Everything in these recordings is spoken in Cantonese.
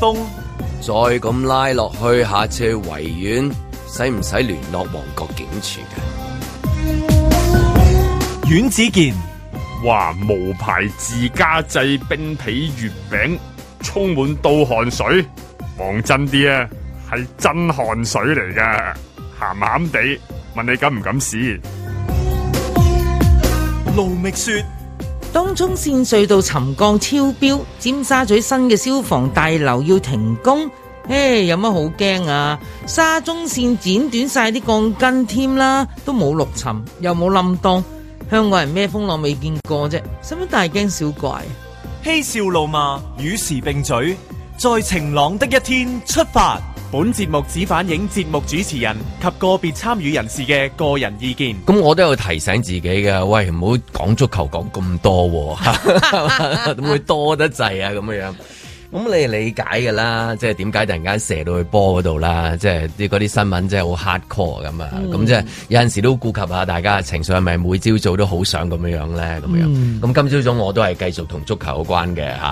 風再咁拉落去，下次維園使唔使聯絡旺角警署嘅？阮子健話無牌自家製冰皮月餅，充滿到汗水，望真啲啊，係真汗水嚟噶，鹹鹹地，問你敢唔敢試？盧覓雪。東涌線隧道沉降超標，尖沙咀新嘅消防大樓要停工，唉，有乜好驚啊？沙中線剪短晒啲鋼筋添啦，都冇陸沉，又冇冧檔，香港人咩風浪未見過啫，使乜大驚小怪？嬉笑怒罵，與時並舉，在晴朗的一天出發。本節目只反映節目主持人及個別參與人士嘅個人意見。咁我都有提醒自己嘅，喂，唔好講足球講咁多，會多得滯啊，咁、 啊、樣。咁你理解嘅啦，即係點解突然間射到去波嗰度啦？即係啲嗰啲新聞真係好 hard core 咁、嗯、啊！咁即係有陣時都顧及下大家嘅情緒係咪每朝早都好想咁樣呢樣咧？咁樣咁今朝早我都係繼續同足球有關嘅吓，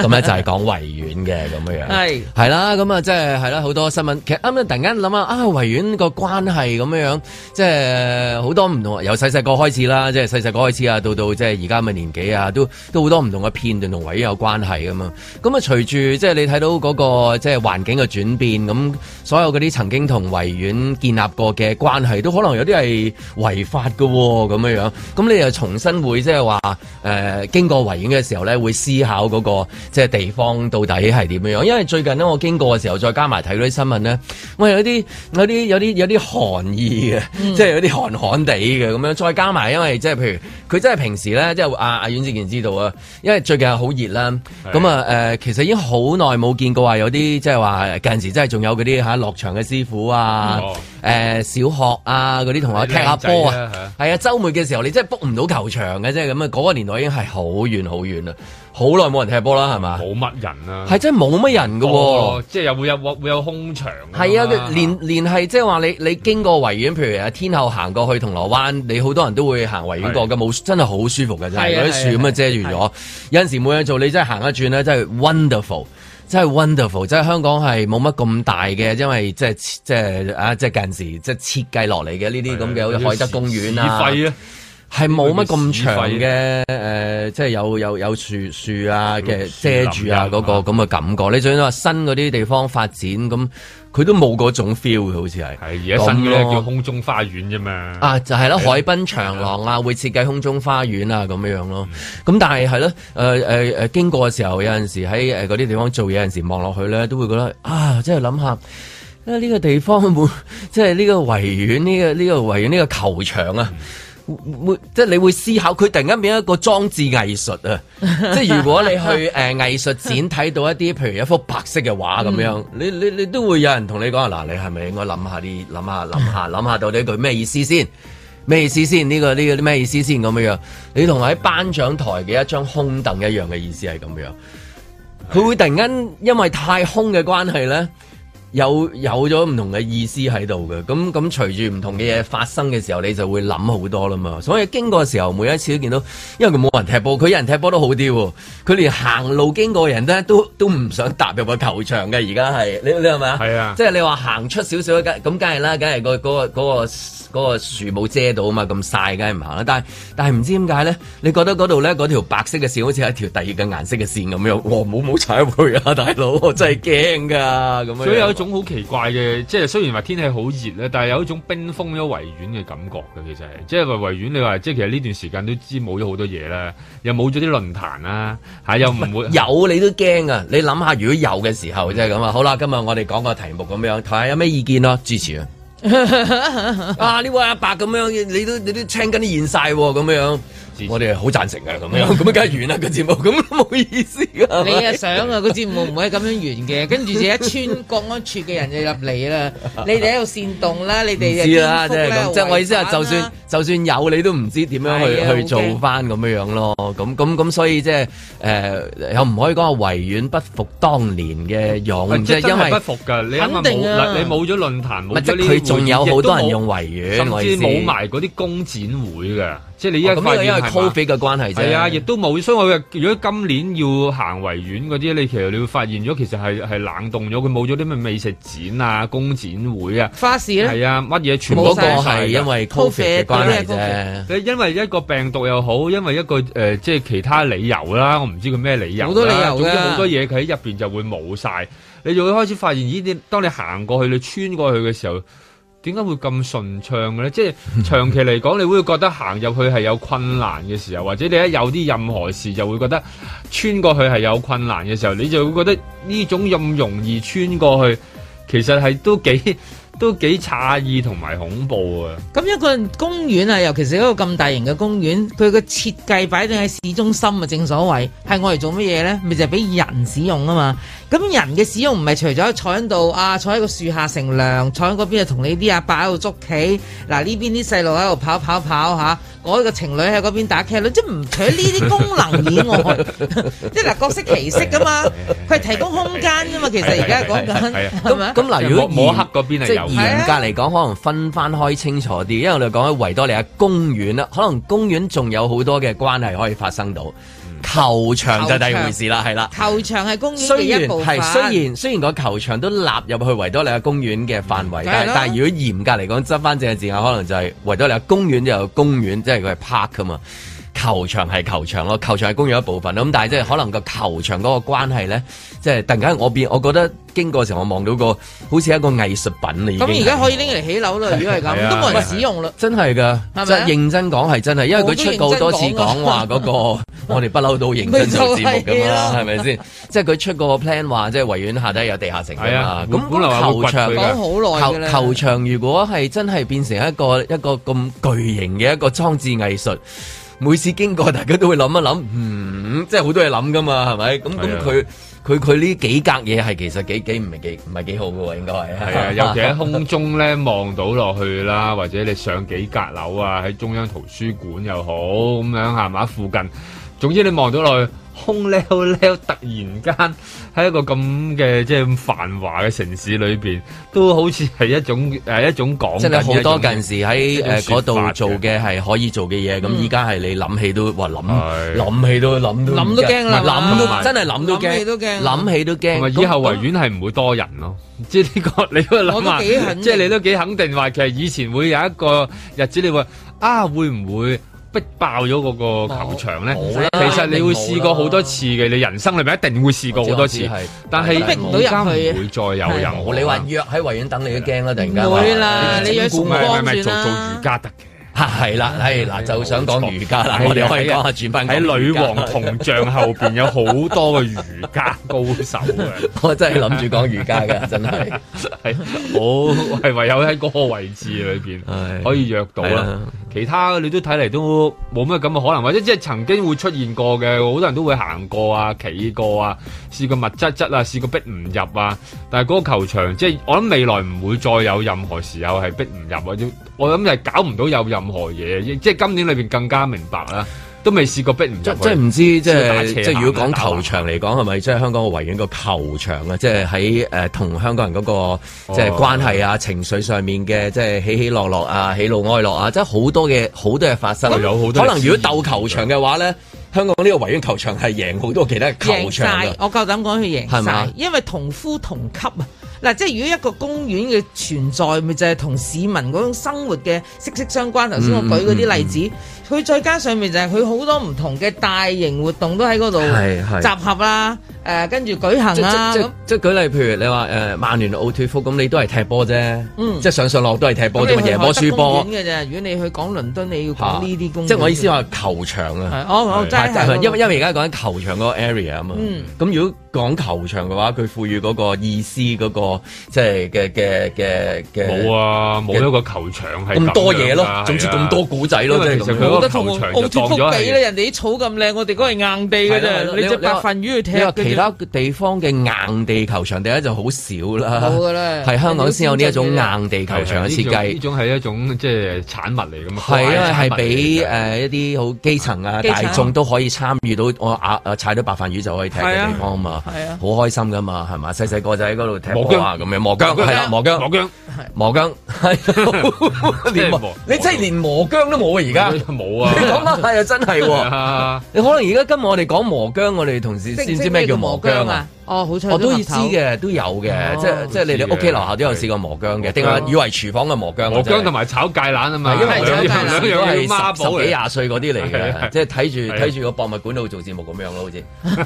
咁咧、 啊、就係講維園嘅咁樣樣，係是 啦，咁啊即係係啦，好多新聞其實啱啱突然間諗下啊維園個關係咁樣樣，即係好多唔同，由細細個開始啦，即係細細個開始啊，到到即係而家咁嘅年紀啊，都都好多唔同嘅片段同維園有關係噶嘛，咁啊隨住即係你睇到、嗰個即係環境嘅轉變，咁所有啲曾經同維園建立過嘅關係，都可能有啲係違法嘅、哦，咁樣樣。咁你又重新會即係話，誒、呃，經過維園嘅時候咧，會思考、嗰個即係、就是、地方到底係點樣樣。因為最近咧，我經過嘅時候，再加埋睇嗰啲新聞咧，喂，有啲有啲有啲有啲寒意嘅，即係、嗯、有啲寒寒地嘅咁樣。再加埋，因為即、就、係、是、譬如佢真係平時咧，即係阿阿阮志健知道啊，因為最近好熱啦，咁啊是的，誒、呃，其實。已經好耐冇見過話有啲即係話近時真係仲有嗰啲吓落場嘅師傅啊。誒、呃，小學啊，嗰啲同學踢下波啊，係啊，周末嘅時候你真係 book 唔到球場嘅，即係咁啊，嗰個年代已經係好遠好遠啦，好耐冇人踢波啦，係嘛，冇乜人啊，係真係冇乜人嘅、啊，即係又會有會有空場。係啊，連連係即係話你你經過維園，譬如啊天后行過去銅鑼灣，你好多人都會行維園過嘅，冇，真係好舒服嘅真係，嗰啲樹咁啊遮住咗，有陣時冇嘢做，你真係行一轉咧，真係 wonderful。真係 wonderful，真係香港係冇乜咁大嘅，因為即係即係啊，即係近時即係設計落嚟嘅呢啲咁嘅，好似海德公園啊，係冇乜咁長嘅誒費、呃，即係有有有樹樹啊嘅遮住啊嗰個咁嘅感覺。你仲要話新嗰啲地方發展咁。佢都冇嗰種 feel 嘅，好似係。係而家新嘅叫空中花園啫嘛、啊。啊，就係、是、啦，的海濱長廊啊，的會設計空中花園啊，咁樣囉。咯。咁、嗯、但係係咯，誒誒誒，經過嘅時候，有陣時喺嗰啲地方做嘢有陣時，望落去咧，都會覺得啊，即係諗下，呢、啊這個地方本即係呢個圍院，呢、這個呢、這個圍院，呢、這個球場啊。嗯會即係你會思考，佢突然間變一個裝置藝術啊！ 即係如果你去誒藝術展睇到一啲，譬如一幅白色嘅畫咁樣，你你你都會有人同你講：嗱，你係咪應該諗下啲諗下諗下諗下到底句咩意思先？咩意思先？呢、這個呢、這個啲咩意思先咁樣？你同喺頒獎台嘅一張空凳一樣嘅意思係咁樣。佢會突然間因為太空嘅關係咧。有有咗唔同嘅意思喺度嘅，咁咁隨住唔同嘅嘢發生嘅時候，你就會諗好多啦嘛。所以經過時候，每一次都見到，因為佢冇人踢波，佢有人踢波都好啲喎。佢連行路經過人咧，都都唔想踏入個球場嘅。而家係你你係咪啊？係啊，即係你話行出少少，咁梗係啦，梗係個個個嗰個。嗰個嗰個嗰個樹冇遮到啊嘛，咁晒梗係唔行啦。但係但係唔知點解咧？你覺得嗰度咧嗰條白色嘅線好似一條第二嘅顏色嘅線咁樣。冇冇踩佢啊，大佬，我真係驚㗎咁樣啊！所以有一種好奇怪嘅，即係雖然話天氣好熱咧，但係有一種冰封咗維園嘅感覺嘅，其實係、就是、即係話維園。你話即係其實呢段時間都知冇咗好多嘢啦，又冇咗啲論壇啦，嚇又唔會有你都驚㗎。你諗下如果有嘅時候即係咁啊。好啦，今日我哋講個題目咁樣，睇下有咩意見咯，支持啊！ 啊！呢位阿伯咁樣，你都你都，你都青筋都現晒喎，咁樣。我哋好贊成嘅咁樣，咁樣梗係完啦個節目，咁冇意思。你啊想啊，個節目唔會咁樣完嘅，跟住就一串國安處嘅人就入嚟啦。你哋喺度煽動啦，你哋唔知啦，即係即係我意思係，就算就算有，你都唔知點樣去去做翻咁樣樣咯。咁咁咁，所以即係誒，又唔可以講話維園不復當年嘅勇，即係因為不復噶，你肯定啊，你冇咗論壇，佢仲有好多人用維園，甚至冇埋嗰啲工展會嘅。即係你而家發現、哦、因為 covid 嘅關係嘛？係啊，亦都冇。所以我如果今年要行維園嗰啲，你其實你會發現咗，其實係係冷凍咗，佢冇咗啲咩美食展啊、工展會啊、花市咧。係啊，乜嘢全部都係因為 covid 嘅關係啫。你對因為一個病毒又好，因為一個誒，即、呃、係其他理由啦。我唔知佢咩理由。好多理由啦。由總之好多嘢，佢喺入邊就會冇晒。你就會開始發現，咦？當你行過去，你穿過去嘅時候。點解會咁順暢嘅咧？即係長期嚟講，你會覺得行入去係有困難嘅時候，或者你一有啲任何事，就會覺得穿過去係有困難嘅時候，你就會覺得呢種咁容易穿過去，其實係都幾都幾詫異同埋恐怖啊。咁一個公園啊，尤其是一個咁大型嘅公園，佢嘅設計擺定喺市中心啊，正所謂係我嚟做乜嘢呢？咪就係俾人使用啊嘛！咁人嘅使用唔係除咗坐喺度啊，坐喺個樹下乘涼，坐喺嗰邊啊同你啲阿伯喺度捉棋。嗱、啊、呢邊啲細路喺度跑跑跑吓，我、啊嗰個情侶喺嗰邊打茄輪，即係唔除呢啲功能以外，即係嗱各色其色㗎嘛。佢係提供空間啫嘛。 其實而家講緊咁嗱，如果以摸黑嗰邊係即嚴格嚟講，可能分返開清楚啲。因為我哋講喺維多利亞公園啦，可能公園仲有好多嘅關係可以發生到。球場就第二回事啦，係啦場、啊啊，球場係公園。係，雖然雖然個球場都納入去維多利亞公園嘅範圍，但係如果嚴格嚟講，執翻正嘅字眼，可能就係維多利亞公園就有公園，即係佢係 park 㗎嘛。球場係球場咯，球場係公園一部分咯。咁但係即係可能個球場嗰個關係咧，即係突然間我變，我覺得經過嘅時候我望到個好似一個藝術品啦已經。咁而家可以拎嚟起樓咯，如果係咁都冇人使用啦。真係噶，即係認真講係真係，因為佢出過好多次講話嗰個，我哋不嬲都認真做節目咁啦，係咪先？即係佢出過個 plan 話，即係維園下底有地下城啊。咁球場講好耐，球場如果係真係變成一個一個咁巨型嘅一個裝置藝術。每次經過，大家都會諗一諗，嗯，即係好多嘢諗噶嘛，係咪？咁咁佢佢佢呢幾格嘢係其實幾幾唔係幾唔係幾好嘅位應該係。係啊的，尤其喺空中咧望到落去啦，或者你上幾格樓啊，喺中央圖書館又好咁樣係咪啊？附近，總之你望到落去。空溜溜，突然間喺一個咁嘅即係咁繁華嘅城市裏邊，都好似係一種誒一種講嘅好多。近時喺誒嗰度做嘅係可以做嘅嘢，咁依家係你諗起都話諗諗起都諗諗都驚啦，諗都真係諗都驚，諗起都驚。以後維園係唔會多人咯，即係呢個你都諗啊，即係你都幾肯定話，其實以前會有一個日子你話啊會唔會？逼爆咗嗰個球場咧，好啦，其實你會試過好多次嘅，啊、你人生裏面一定會試過好多次。但係逼唔到入去嘅，唔會再有入嘅。你話約喺維園等你都驚啦，突然間，唔會啦，你約古光啦。係咪做做瑜伽得嘅？係、啊、啦，係嗱，就想講瑜伽啦，哎、呀我哋可以講下轉翻喺女王銅像後邊有好多嘅瑜伽高手啊！ 我真係諗住講瑜伽嘅，真係係好係唯有喺嗰個位置裏邊 可以約到啦。啊、其他你都睇嚟都冇咩咁嘅可能，或者即係曾經會出現過嘅，好多人都會行過啊、企過啊、試過密質質啊、試過逼唔入啊。但係嗰個球場，即、就、係、是、我諗未來唔會再有任何時候係逼唔入或者。我諗就係搞唔到有任何嘢，即係今年裏邊更加明白啦，都未試過逼唔到。即係唔知，即係即係如果講球場嚟講，係咪即係香港個維園個球場啊？即係喺誒同香港人嗰、那個即係、就是、關係啊、哦、情緒上面嘅，即、就、係、是、起起落落啊、喜怒哀樂啊，即係好多嘅好多嘢發生。有好多。嗯、可能如果鬥球場嘅話咧，對 香港呢個維園球場係贏好多其他球場嘅。我夠膽講佢贏係咪？吧因為同呼同吸。啊。嗱，即係如果一個公園嘅存在，咪就係同市民嗰種生活嘅息息相關。頭先我舉嗰啲例子，佢、嗯嗯嗯嗯、再加上面就係佢好多唔同嘅大型活動都喺嗰度集合啦。誒，跟住舉行啊，即係舉例，譬如你話誒，曼聯奧脫福，咁你都係踢波啫，即係上上落都係踢波啫嘛，贏波輸波嘅啫。如果你去講倫敦，你要講呢啲公，即係我意思話球場啊。因為而家講緊球場嗰個 area 啊嘛。咁如果講球場嘅話，佢賦予嗰個意思，嗰個即係嘅嘅嘅嘅。冇啊，冇一個球場咁多嘢咯，總之咁多古仔咯，即係其實冇得同奧脫福比啦。人哋啲草咁靚，我哋嗰係硬地嘅啫，你隻白飯魚去踢而家個地方嘅硬地球場第一就好少啦，係香港先有呢一種硬地球場嘅設計。呢種係一種即係產物嚟噶嘛？係啊，係俾誒一啲好基層啊大眾都可以參與到，我踩到白飯魚就可以踢嘅地方啊嘛，好開心噶嘛，係嘛？細細個就喺嗰度踢磨姜啊，咁樣磨姜，係啦磨姜，磨姜，磨姜，你真係連磨姜都冇啊！而家冇啊！你講得係啊，真係喎！你可能而家跟我哋講磨姜，我哋同事先知咩叫。磨姜啊！哦，好，我都知嘅，都有嘅，即係即係你哋屋企樓下都有試過磨姜嘅，定係以為廚房嘅磨姜？磨姜同埋炒芥蘭啊嘛，係炒芥蘭都係十幾廿歲嗰啲嚟嘅，即係睇住睇住個博物館度做節目咁樣咯，好似。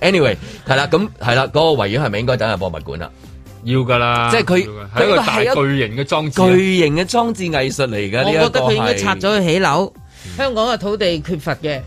Anyway，係啦，咁係啦，嗰個維園係咪應該等下博物館啦？要噶啦，即係佢係一個巨型嘅裝置，巨型嘅裝置藝術嚟噶。我覺得佢應該拆咗去起樓，香港嘅土地缺乏嘅。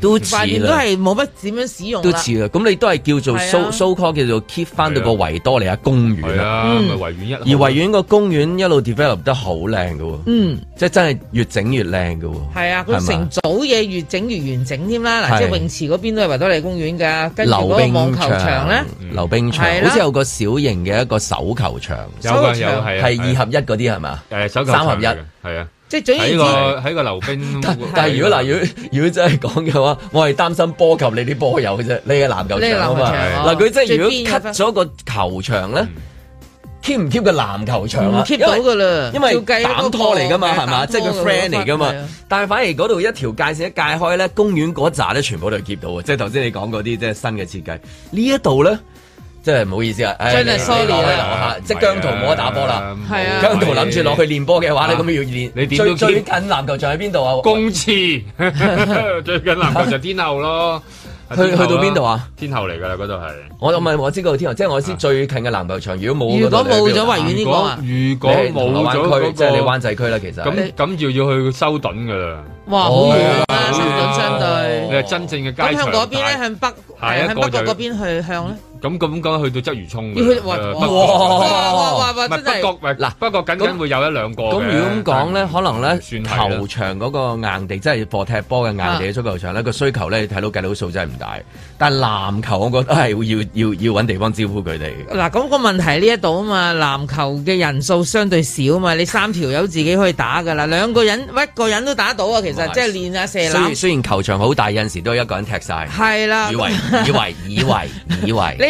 都似都係冇乜點樣使用都似啦，咁你都係叫做 so so call 叫做 keep 翻到個維多利亞公園啦，維園一。而維園個公園一路 develop 得好靚噶，嗯，即係真係越整越靚噶。係啊，佢成組嘢越整越完整添啦。嗱，即係泳池嗰邊都係維多利亞公園㗎，跟住個網球場咧，溜冰場，好似有個小型嘅一個手球場，有嘅有係，係二合一嗰啲係嘛？誒，手球場三合一，係啊。即係喺個喺個溜冰。但係如果嗱，如果如果真係講嘅話，我係擔心波及你啲波友啫。你嘅籃球場啊，嗱佢即係如果 cut 咗個球場咧，keep 唔 keep 個籃球場啊？keep 到噶啦，因為膽拖嚟噶嘛，係、就是、嘛？即係佢 friend 嚟噶嘛？但係反而嗰度一條界線一界開咧，公園嗰扎咧全部都係 keep 到嘅。即係頭先你講嗰啲即係新嘅設計，呢一度咧。即係唔好意思啊，真 a l e n s 留下，即係姜濤冇得打波啦。江濤諗住落去練波嘅話，你咁要練？你點？最最近籃球場喺邊度啊？公廁。最近籃球場天后咯，去去到邊度啊？天后嚟噶啦，嗰度係。我唔係我知道天后，即係我知最近嘅籃球場。如果冇，如果冇咗維園呢個啊？如果冇咗，即係你灣仔區啦。其實咁咁要要去收墩嘅。哇，好遠啊！相對。你係真正嘅街。咁向嗰邊咧？向北係向北角嗰邊去向咧？咁咁講去到鰂魚涌，不過國，唔嗱，不過僅僅會有一兩個。咁如果咁講咧，但可能咧，是球場嗰個硬地，真係破踢波嘅硬地足球場咧，個需求咧睇到計到數真係唔大。但係籃球我覺得係要要要搵地方招呼佢哋。嗱，咁、那個問題呢一度啊嘛，籃球嘅人數相對少啊嘛，你三條友自己可以打㗎啦，兩個人一個人都打到啊。其實即係是練下射籃。雖然球場好大，有陣時都係一個人踢晒。係啦，以，以為以為以為以為。以為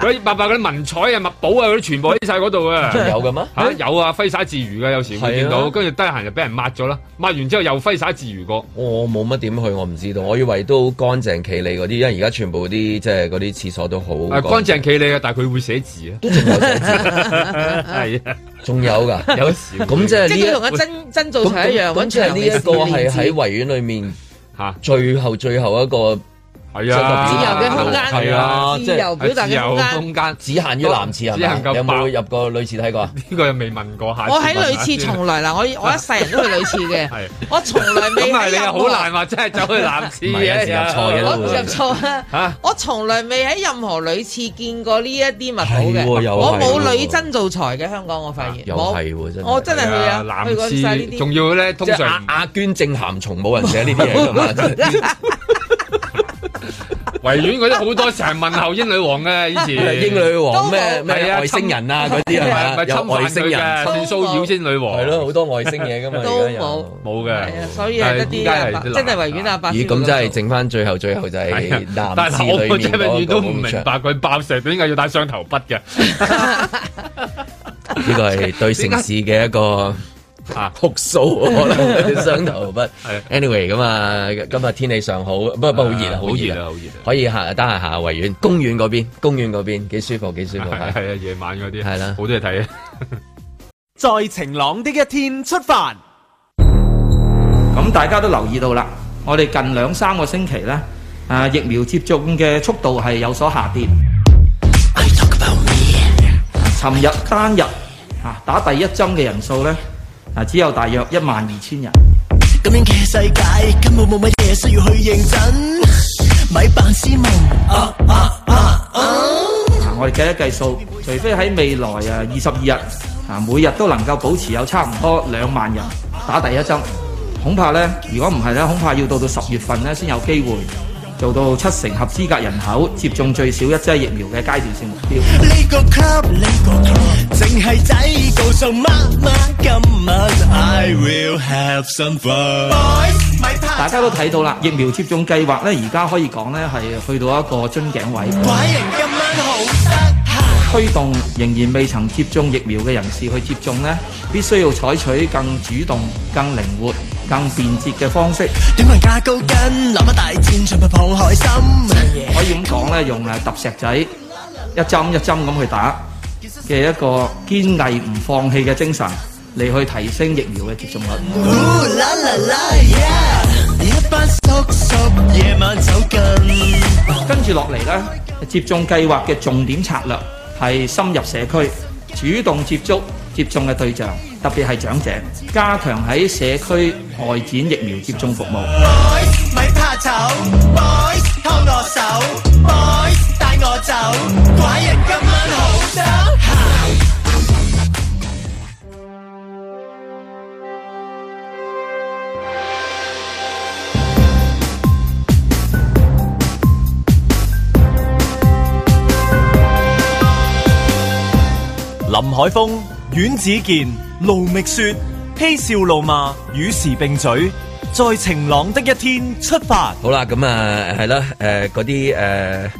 佢白白嗰啲文采啊、墨寶啊，嗰啲全部喺晒嗰度嘅。真有嘅咩？吓有啊，揮灑自如嘅，有時會見到。跟住得閒就俾人抹咗啦，抹完之後又揮灑自如過。我冇乜點去，我唔知道。我以為都乾淨企理嗰啲，因為而家全部啲即係嗰啲廁所都好。誒，乾淨企理啊，但係佢會寫字啊。都仲有寫字，係仲有噶，有時。咁即係呢個同阿曾曾做齊一樣，搵出嚟呢一個係喺維園裏面吓最後最後一個。係啊，自由嘅空間，自由表達嘅空間，只限於男廁啊，有冇入過女廁睇過啊？呢個又未問過下。我喺女廁從來嗱，我我一世人都去女廁嘅，我從來未喺任何好難話，真係走去男廁嘅入錯入錯啊！我從來未喺任何女廁見過呢一啲物品嘅，我冇女真做才嘅香港，我發現。又真。我真係去啊，男廁仲要咧，通常阿娟、正咸從冇人寫呢啲嘢噶嘛。維園嗰啲好多成日問候英女王嘅，以前，英女王咩咩外星人啊嗰啲啊，咪侵犯佢人？亂騷擾英女王？係咯，好多外星嘢噶嘛，都冇冇嘅，所以係一啲真係維園阿伯。咦，咁真係剩翻，最後最後就係但係我嗰隻維園都唔明白佢爆石點解要帶雙頭筆嘅？呢個係對城市嘅一個。啊！哭蘇，上頭不？Anyway，咁啊，今日天氣上好，不過，好熱啊，好熱！可以行下，行下下維園、公園嗰邊，公園嗰邊幾舒服，幾舒服。係啊，夜晚嗰啲係啦，好多嘢睇啊！在晴朗的一天出發，咁大家都留意到啦，我哋近兩三個星期咧，誒疫苗接種嘅速度係有所下跌。尋日單日啊，打第一針嘅人數咧。只有大約一萬二千人。咁樣嘅世界根本冇乜嘢需要去認真，我哋計一計數，除非喺未來二十二日，每日都能夠保持有差唔多兩萬人打第一針，恐怕咧，如果唔係咧，恐怕要到到十月份咧先有機會。做到七成合資格人口接種最少一劑疫苗嘅階段性目標。 大家都睇到啦，疫苗接種計劃咧，而家可以講咧，係去到一個樽頸位。推動仍然未曾接種疫苗嘅人士去接種咧，必須要採取更主動、更靈活、更便捷嘅方式。可以咁講咧，用嚟揼石仔一針一針咁去打嘅一個堅毅唔放棄嘅精神，嚟去提升疫苗嘅接種率。跟住落嚟咧，接種計劃嘅重點策略。係深入社區，主動接觸接種嘅對象，特別係長者，加強喺社區外展疫苗接種服務。Boys，咪怕醜，Boys，拖我手。林海峰、阮子健、盧覓雪、嬉笑怒罵，與時並嘴，在晴朗的一天出發。好啦，咁啊，係、呃、啦，誒，嗰啲誒。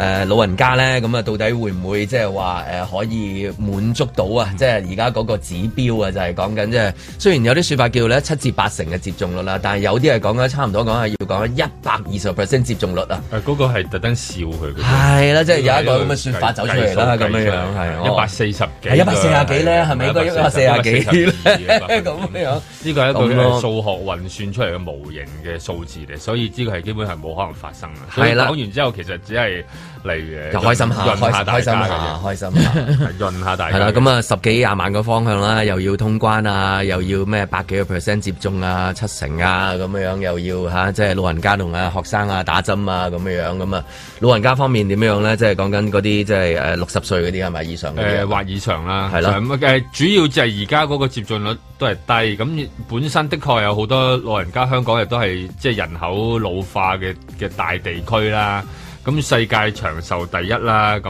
誒老人家咧，咁啊到底會唔會即係話誒可以滿足到啊？即係而家嗰個指標啊，就係講緊即係雖然有啲説法叫咧七至八成嘅接種率啦，但係有啲係講緊差唔多講係要講一百二十 percent 接種率啊！嗰個係特登笑佢嘅，係啦，即係有一個咁嘅説法走出嚟啦，咁樣樣係一百四十幾，一百四十幾咧，係咪應該一百四十幾咁樣，呢個係一個數學運算出嚟嘅模型嘅數字嚟，所以呢個係基本係冇可能發生，係啦，講完之後其實只係。例如，來就開心下，開開心，開心下，開心下， 潤下大家。係啦，咁、嗯、啊，十幾廿萬個方向啦，又要通關啊，又要咩百幾個 percent 接種啊，七成啊，咁樣又要嚇，即、啊、係、就是、老人家同啊學生啊打針啊，咁樣樣咁啊，老人家方面點樣咧？即係講緊嗰啲即係誒六十歲嗰啲啊，咪以上誒、呃、或以上啦，係啦的，誒、呃、主要就係而家嗰個接種率都係低，咁本身的確有好多老人家，香港亦都係即係人口老化嘅嘅大地區啦。咁世界長壽第一啦，咁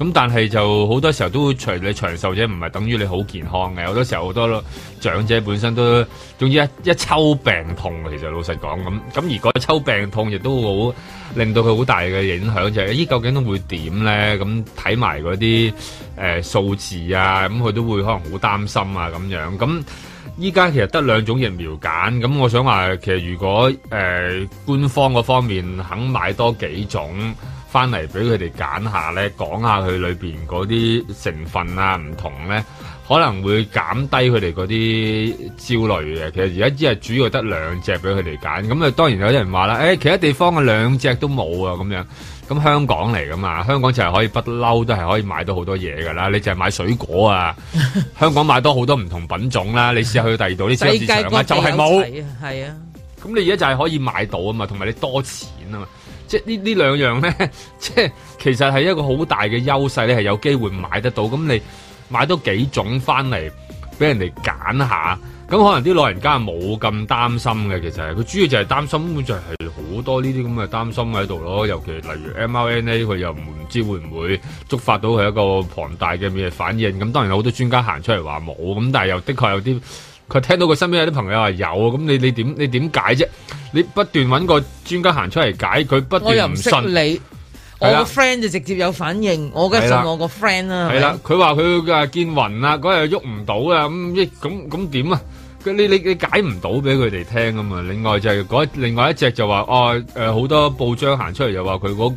咁但係就好多時候都會除你長壽啫，唔係等於你好健康嘅。好多時候好多長者本身都總之一一抽病痛，其實老實講咁。咁而嗰抽病痛亦都好令到佢好大嘅影響，就係、是、依究竟都會點咧？咁睇埋嗰啲誒數字啊，咁佢都會可能好擔心啊咁樣咁。依家其實得兩種疫苗揀，咁我想話其實如果誒、呃、官方嗰方面肯買多幾種翻嚟俾佢哋揀下呢，講下佢裏面嗰啲成分啊唔同呢，可能會減低佢哋嗰啲焦慮嘅。其實而家只係主要得兩隻俾佢哋揀，咁啊當然有啲人話啦、哎，其他地方嘅兩隻都冇啊咁樣。咁香港嚟噶嘛？香港就係可以不嬲，都係可以買到好多嘢噶啦。你淨係買水果啊， 香港買多好多唔同品種啦。你試下去第二度，啲市場啊，就係冇，係啊。咁你而家就係可以買到啊嘛，同埋你多錢啊嘛。即係呢呢兩樣咧，即係其實係一個好大嘅優勢咧，你係有機會買得到。咁你買多幾種翻嚟，俾人哋揀下。咁可能啲老人家冇咁擔心嘅，其實佢主要就係擔心，本就係、係、好多呢啲咁嘅擔心喺度咯。尤其例如 mRNA，佢又唔知會唔會觸發到佢一個龐大嘅咩反應。咁當然有好多專家行出嚟話冇，咁但係又的確有啲佢聽到佢身邊有啲朋友話有，咁你你點你點解啫？你不斷搵個專家行出嚟解，佢不斷唔信。我又唔識你，我個 friend 就直接有反應，的我梗係信我個 friend、欸、啊。」係啦，佢話佢見見暈啦，嗰日喐唔到啊。咁咁咁點啊？佢你你你解唔到俾佢哋聽啊嘛，另外就係嗰另外一隻就話哦，誒好多報章行出嚟又話佢嗰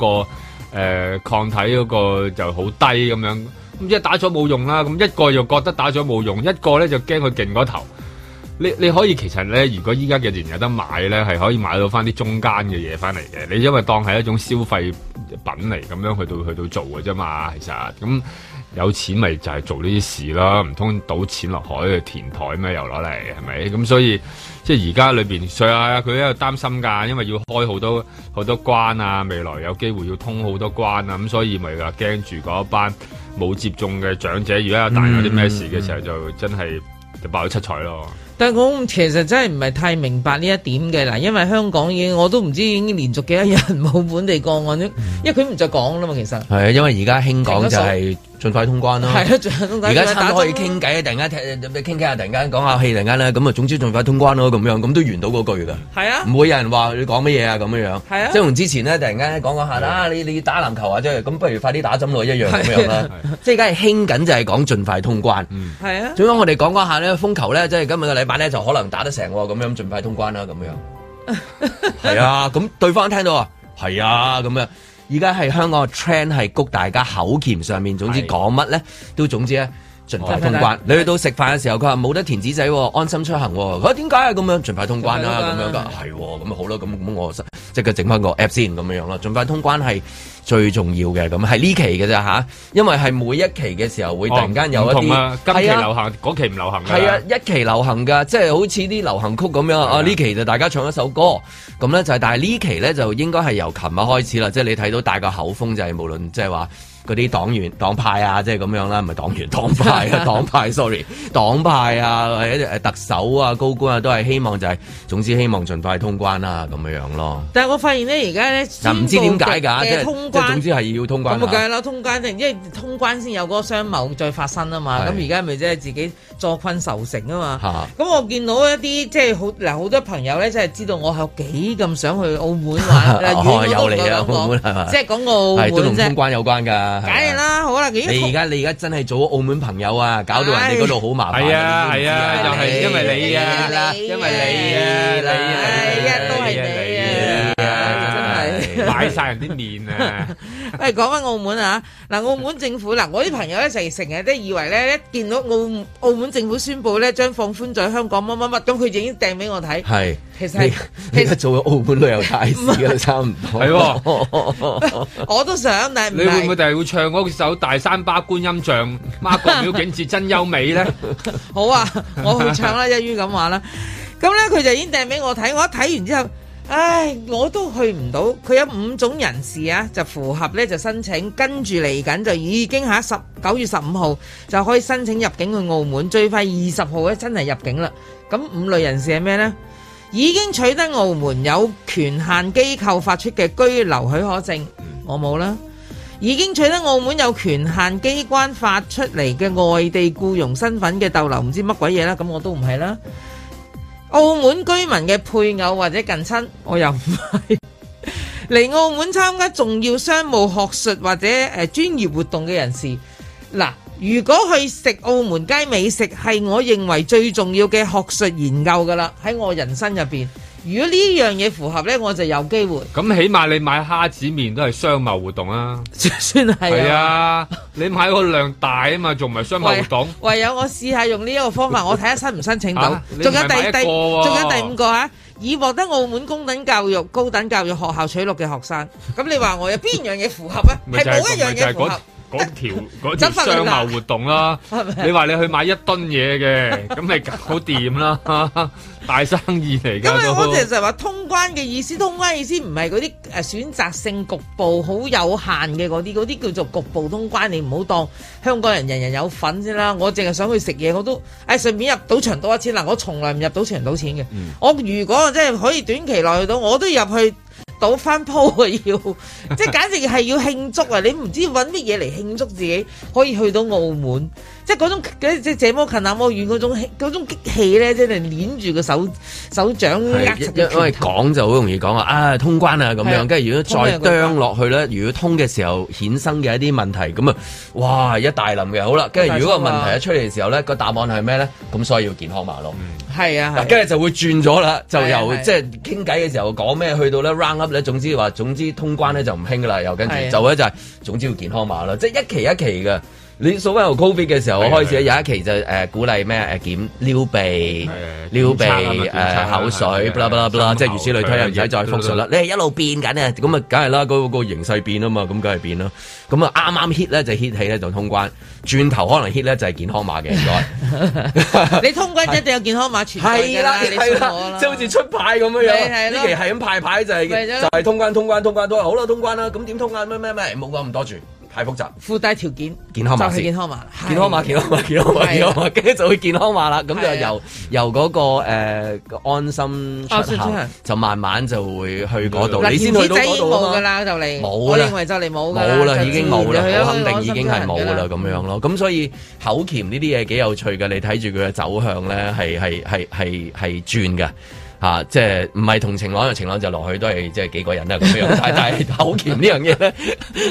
個誒抗體嗰個就好低咁樣，咁即係打咗冇用啦。咁一個又覺得打咗冇用，一個咧就驚佢勁過頭。你你可以其實咧，如果依家仍然有得買咧，係可以買到翻啲中間嘅嘢翻嚟嘅。你因為當係一種消費品嚟，咁樣去到去到做嘅啫嘛，其實咁。有錢咪就係做呢啲事咯，唔通賭錢落海去填台咩？又攞嚟係咪？咁所以即係而家裏面，所以啊，佢喺度擔心㗎，因為要開好多好多關啊，未來有機會要通好多關啊，咁所以咪話驚住嗰班冇接種嘅長者，如果有大有啲咩事嘅時候，嗯、就真係就爆咗七彩咯。但係我其實真係唔係太明白呢一點嘅嗱，因為香港已經我都唔知已經連續幾多日冇本地個案，因為佢唔再講啦嘛，其實係啊，因為而家興講就係盡快通關咯。而家差唔多可以傾偈突然間誒，特傾偈啊，突然間講下氣，突然間咧，咁啊，總之盡快通關咯，咁樣咁都完到嗰句㗎。係啊，唔會有人話你講乜嘢啊咁樣樣。係啊，即係同之前呢，突然間講講下啦，啊、你你打籃球啊，即係咁，不如快啲打針落一樣咁樣即係而家係興緊就係講盡快通關。係、嗯、啊。總之我哋講講下咧，風球咧，即係今日嘅。晚咧就可能打得成喎，咁樣盡快通關啦，咁樣，係 啊，咁對方聽到是啊，係啊，咁樣。而家係香港嘅 trend，係谷大家口鉗上面，總之講乜咧，的都總之咧。盡快通關。你去到食飯嘅時候，佢話冇得填紙仔，哦，安心出行。佢話點解啊？咁樣盡快通關啦，咁樣噶係咁啊好啦，咁咁我即刻整翻個 app 先，咁樣樣咯。盡快通關係最重要嘅，咁係呢期嘅咋吓，因為係每一期嘅時候會突然間有一啲係、哦啊、今期流行，嗰期唔流行。係啊，一期流行噶，即係好似啲流行曲咁樣啊。呢期就大家唱一首歌，咁咧就係，但係呢期咧就應該係由琴日開始啦。即係你睇到大嘅口風就係無論即係話。嗰啲黨員黨派啊，即係咁樣啦，唔係黨員黨派啊， 黨派 sorry，黨派啊，特首啊、高官啊，都係希望就係、是，總之希望盡快通關啦、啊，咁樣囉。咯。但我發現咧，而家咧，就唔知點解㗎，即係是通關即總之係要通關、啊。咁咪啦通關定因係通關先有嗰個商貿再發生啊嘛。咁而家咪即係自己坐困愁城啊嘛。咁是我見到一啲即係好嗱好多朋友咧，即係知道我係幾咁想去澳門玩、啊。 哦，有嚟啊，澳門即係港澳門、啊、都同通關有關㗎。梗係啦，好啦，你而家你而家真係做咗澳門朋友啊，搞到人哋嗰度好麻煩，係啊，係啊，就係因為你啊，因為你啊，你啊。晒人啲面啊！誒，講翻澳門啊，嗱，澳門政府嗱，我啲朋友咧成成日都以為咧，一見到澳澳門政府宣布咧，將放寬在香港乜乜乜，咁佢已經掟俾我睇。係，其實其實做個澳門旅遊大使都差唔多，係喎。我都想，但係你會唔會定係會唱嗰首《大三巴觀音像》，媽國廟景致真優美咧？好啊，我去唱啦，一於咁話啦。咁咧，佢就已經掟俾我睇，我一睇完之後。唉，我都去唔到。佢有五種人士啊，就符合呢，就申請，跟住嚟緊就已經喺十九月十五號就可以申請入境去澳門，最快二十號咧真係入境啦。咁五類人士係咩呢？已經取得澳門有權限機構發出嘅居留許可證，我冇啦。已經取得澳門有權限機關發出嚟嘅外地僱傭身份嘅逗留，唔知乜鬼嘢啦，咁我都唔係啦。澳門居民嘅配偶或者近親，我又唔係。嚟澳門參加重要商務、學術或者誒專業活動嘅人士。嗱，如果去食澳門街美食，係我認為最重要嘅學術研究噶啦，喺我人生入邊。如果呢樣嘢，符合呢，我就有機會。咁起碼你買蝦子麵都係商貿活動啊，算係。係啊，你買個量大啊嘛，仲唔係商貿活動？唯有我試下用呢一個方法，我睇下申唔申請到。仲有第第，仲有第五個吓，已獲得澳門高等教育高等教育學校取錄嘅學生。咁你話我有邊樣嘢符合啊？係冇一樣嘢符合。嗰條嗰商貿活動啦，你話你去買一噸嘢嘅，咁咪搞掂啦，大生意嚟嘅都。咁我嗰就係話通關嘅意思，通關意思唔係嗰啲誒選擇性局部好有限嘅嗰啲，嗰啲叫做局部通關，你唔好當香港人人人有份先啦。我淨係想去食嘢，我都誒、哎、順便入賭場多一次嗱，我從來唔入賭場賭錢嘅。我如果即係可以短期內去到，我都入去。倒翻鋪啊！要即係簡直係要慶祝啊！ 你唔知揾咩嘢嚟慶祝自己可以去到澳門，即係嗰種即係這麼近那麼遠嗰種嗰種激氣咧，即係連住個手手掌握。係因為講就好容易講啊！啊通關啊咁樣，跟住的如果再啄落去咧，關如果通嘅時候衍生嘅一啲問題，咁啊哇一大林嘅好啦，跟住如果個問題一出嚟嘅時候咧，個答案係咩咧？咁所以要健康碼咯。嗯係啊，跟住就會轉咗啦，就由即係傾偈嘅時候講咩，去到咧 round up 咧，總之話總之通關咧就唔興㗎啦，又跟住，就咧就係總之要健康碼啦，即係一期一期嘅。你所謂由 Covid 嘅時候，我開始有一期就誒鼓勵咩誒檢撩鼻、撩鼻誒口水，不啦不啦不啦，即係如此類推。而家就係復述啦。你係一路變緊啊，咁啊，梗係啦，嗰個形勢變啊嘛，咁梗係變啦。咁啊啱啱 hit 咧就 hit 起咧就通關，轉頭可能 hit 咧就係健康碼嘅。唔該，你通關一定有健康碼全係啦，即係好似出牌咁樣樣係咯，係咁派牌就係就係通關通關通關都好啦，通關啦，咁點通關啊？咩咩咩，冇講咁多住。太複雜，附帶條件健康碼，健康碼，健康碼，健康碼，健康碼，跟住就會健康碼啦。咁就由由嗰個誒安心出行，就慢慢就會去嗰度。你先去到嗰度冇㗎啦，就嚟冇啦，就嚟冇啦，已經冇啦，肯定已經係冇啦咁樣咯。咁所以口鉗呢啲嘢幾有趣嘅，你睇住佢嘅走向咧，係係係係係轉㗎。啊，即係唔係同情朗啊？情朗就落去都係即係幾個人啊！咁樣，但係口劍呢樣嘢咧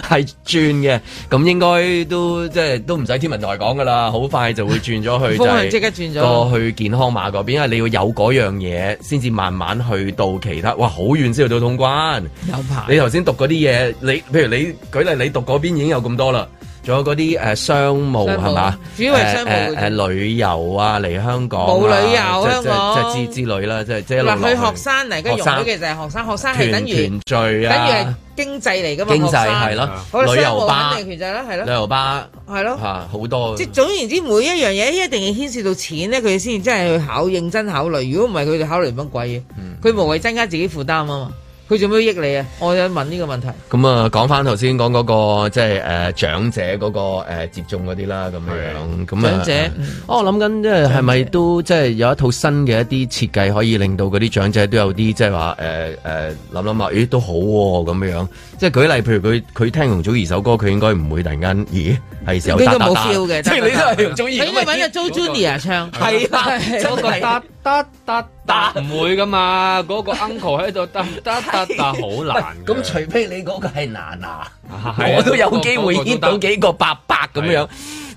係轉嘅，咁應該都即係都唔使天文台講噶啦，好快就會轉咗去就即刻轉咗去健康碼嗰邊，因為你要有嗰樣嘢先至慢慢去到其他。哇，好遠先去到通關，有排。你頭先讀嗰啲嘢，你譬如你舉例，你讀嗰邊已經有咁多啦。仲有嗰啲誒商務係嘛？主要係商務誒旅遊啊，嚟香港冇旅遊香港之之類啦，即係即係學生嚟，跟住用咗嘅就係學生，學生係等於團聚啊，等於係經濟嚟㗎嘛，經濟係咯，旅遊巴定係團聚啦，係咯，旅遊巴係咯，好多。即係總言之，每一樣嘢一定要牽涉到錢咧，佢哋先至真係去考認真考慮。如果唔係，佢哋考慮乜鬼嘢？佢無謂增加自己負擔啊嘛。佢做咩益你啊？我想問呢個問題。咁啊、那個，講翻頭先講嗰個即係誒長者嗰個接種嗰啲啦，咁、呃、樣。長者、那個呃，我諗緊即係係咪都即係、就是、有一套新嘅一啲設計，可以令到嗰啲長者都有啲即係話誒誒諗諗下，咦、就是呃呃欸、都好咁、啊、樣。即係舉例，譬如佢佢聽容祖兒首歌，佢應該唔會突然間，咦係有都冇笑嘅。即係你都係容祖兒。你應該揾個 Joe Junior 唱，係啊、那個，嗰個得得得得唔會噶嘛，嗰 個 uncle 喺度得得得得好難的。咁除非你嗰個係難啊， 我都有機會 hit 到幾個八八咁樣。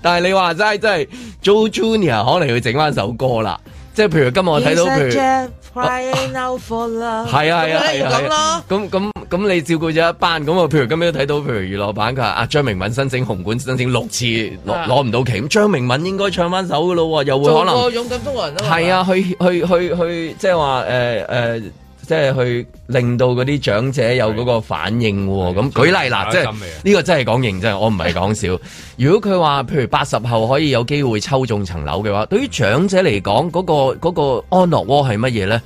但係你話齋真係 Joe Junior 可能要整翻首歌啦。即係譬如今日我睇到佢。係 啊係啊係啊咁咁咁你照顧咗一班咁啊？譬如今日都睇到，譬如娛樂版佢話阿張明敏申請紅館申請六次攞攞唔到期，咁張明敏應該唱翻首噶咯，又會可能做勇敢中國人咯，係啊，啊是去去去去，即係話誒誒。呃呃即係去令到嗰啲長者有嗰個反應喎，咁舉例啦，即係呢個真係講認真，我唔係講笑。如果佢話譬如八十後可以有機會抽中層樓嘅話，對於長者嚟講，嗰個嗰個安樂窩係乜嘢呢？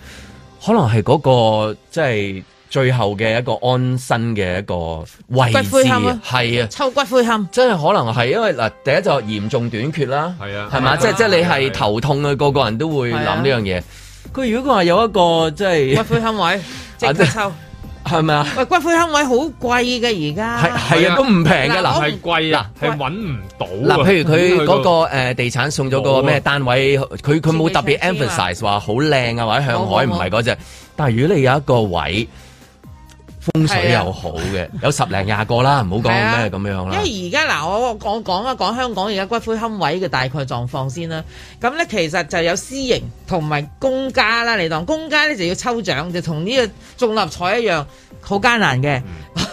可能係嗰個即係最後嘅一個安身嘅一個位置，係啊，抽骨灰龕。真係可能係因為嗱，第一就嚴重短缺啦，係啊，係嘛，即係即係你係頭痛啊，個個人都會諗呢樣嘢。佢如果佢話有一個即係骨灰坑位，即係骨係咪啊？是是喂，骨灰坑位好貴嘅而家，係係啊，都唔平嘅，嗱係貴啊，係揾唔到嗱。譬如佢嗰、那個誒到、呃、地產送咗個咩單位，佢佢冇特別 emphasize 話好靚啊或者向海、那個，唔係嗰隻。但係如果你有一個位。風水又好嘅，啊、有十零廿個啦，唔好講咩咁樣啦。啊、因為而家嗱，我我講一講香港而家骨灰龕位嘅大概狀況先啦。咁咧其實就有私營同埋公家啦，你當公家咧就要抽獎，就同呢個中六合彩一樣，好艱難嘅啦。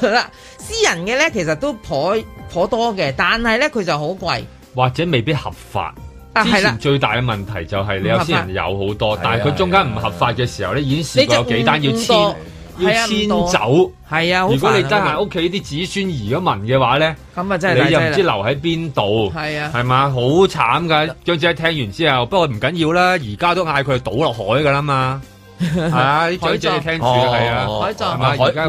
嗯、 私人嘅咧其實都頗頗多嘅，但係咧佢就好貴，或者未必合法。啊，係啦，最大嘅問題就係你有私人有好多，但係佢中間唔合法嘅時候咧，已經試過、啊啊、有幾單要簽。要遷走，係啊，啊，啊如！如果你真埋屋企啲子孫兒一問嘅話咧，咁啊真係你又唔知留喺邊度，係啊，係嘛、啊？好、啊、慘噶！張子欣聽完之後，不過唔緊要啦，而家都嗌佢倒落海噶啦嘛。係啊，啲祖籍聽住係啊，鼓勵海葬，鼓勵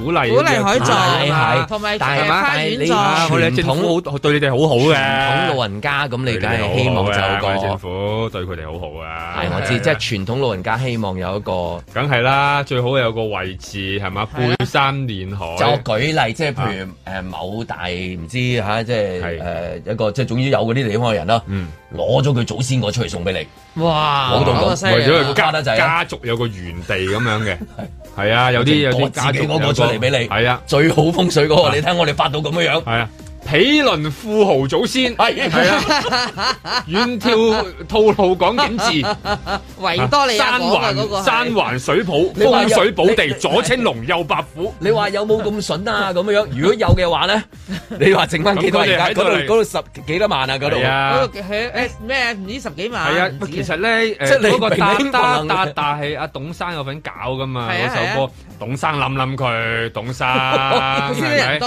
鼓勵海葬，係，同埋大花園葬，傳統好對你哋好好嘅，傳統老人家咁你梗係希望就個政府對佢哋好好啊。係我知，即係傳統老人家希望有一個，梗係啦，最好有個位置係嘛，背山面海。就舉例，即係譬如誒某大唔知吓，即係誒一個即係總之有嗰啲地方嘅人啦，攞咗佢祖先個出嚟送俾你，哇，好多為咗得家族有個原地咁樣嘅，係 啊，有啲有啲家族有己嗰個水嚟俾你，係啊，最好風水嗰、嗰個，你睇我哋發到咁樣，係啊。毗鄰富豪祖先係係啊，遠眺吐露港景致，維多利亞講嘅嗰個山環水抱風水寶地，左青龍右白虎。你話有冇咁筍啊？咁樣樣，如果有嘅話咧，你話剩翻幾多？咁佢哋喺度嗰度十幾多萬啊？嗰度嗰個係誒咩？唔知十幾萬。係啊，其實咧，即係嗰個但但但係阿董生有份搞噶嘛？嗰首歌，董生，諗諗佢，董生係咪？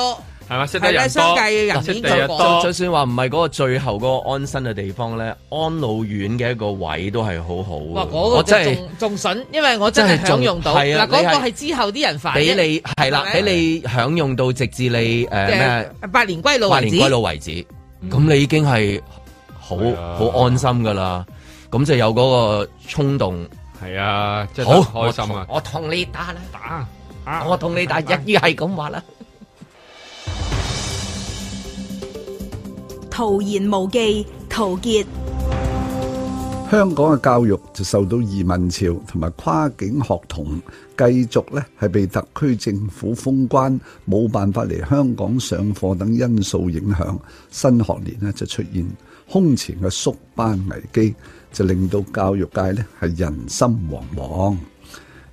係咧，相繼人，就算話唔係嗰個最後嗰個安身嘅地方咧，安老院嘅一個位都係好好。哇！嗰個真係仲筍，因為我真係享用到嗱，嗰個係之後啲人煩。俾你係啦，俾你享用到直至你誒咩百年歸老為止。百年歸老為止，咁你已經係好好安心噶啦。咁就有嗰個衝動。係啊，好開心啊！我同你打啦，打啊！我同你打，一於係咁話啦。徒言無忌，陶傑。香港嘅教育就受到移民潮同埋跨境學童繼續咧係被特區政府封關，冇辦法嚟香港上課等因素影響，新學年呢就出現空前嘅縮班危機，就令到教育界呢係人心惶惶。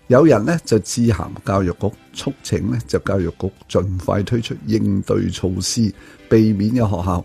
有人呢就致函教育局，促請呢就教育局盡快推出應對措施，避免有學校。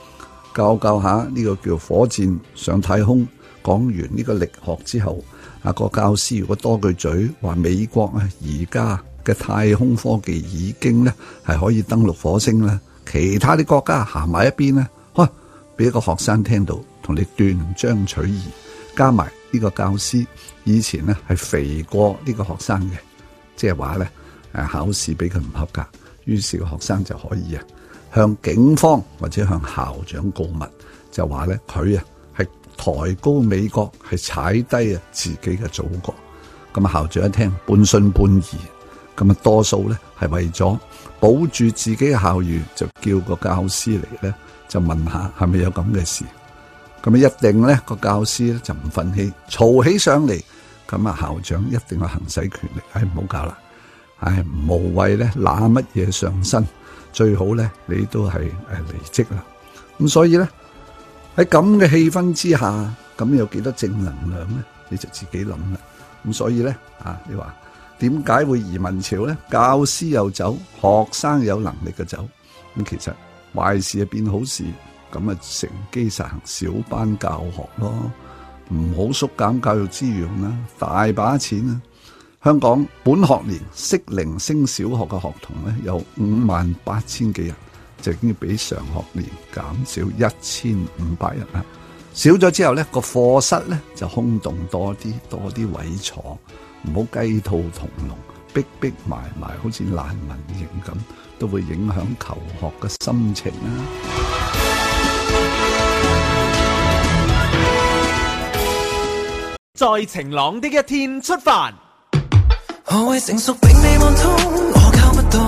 教教下呢、呢個叫火箭上太空，講完呢個力學之後，啊個教師如果多句嘴，話美國啊而家嘅太空科技已經呢係可以登陸火星啦，其他啲國家行埋一邊啦，哇、啊！俾一個學生聽到同你斷章取義，加埋呢個教師以前呢係肥過呢個學生嘅，即係話呢，誒考試俾佢唔合格，於是個學生就可以啊。向警方或者向校長告密，就話咧佢啊係抬高美國，係踩低啊自己嘅祖國。咁啊校長一聽半信半疑，咁啊多數咧係為咗保住自己嘅校譽，就叫個教師嚟咧就問下係咪有咁嘅事。咁啊一定咧個教師咧就唔忿氣，嘈起上嚟。咁啊校長一定要行使權力，唉唔好搞啦，唉無謂咧拿乜嘢上身。最好咧，你都係誒離職啦。咁所以咧喺咁嘅氣氛之下，咁有幾多正能量咧？你就自己諗啦。咁所以咧啊，你話點解會移民潮咧？教師又走，學生有能力嘅走。咁其實壞事變好事，咁啊乘機實行小班教學咯，唔好縮減教育資源啦，大把錢啊！香港本學年適齡升小學嘅學童咧有五萬八千幾人，就已經比上學年減少一千五百人啦。少咗之後咧，個課室咧就空洞多啲，多啲位坐，唔好雞兔同籠，逼逼埋埋，好似難民營咁，都會影響求學嘅心情啦，啊。在晴朗的一天出發。我未成熟並未痛我靠不到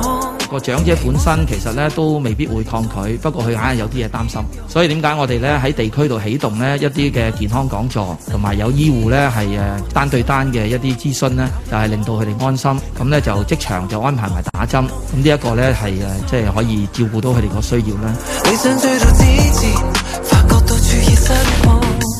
個長者本身其實咧都未必會抗拒，不過佢硬係有啲嘢擔心，所以點解我哋咧喺地區度啟動咧一啲嘅健康講座，同埋有，有醫護咧係誒單對單嘅一啲諮詢咧，就係、是、令到佢哋安心。咁咧就即場就安排埋打針，咁呢一個咧係誒即係可以照顧到佢哋個需要啦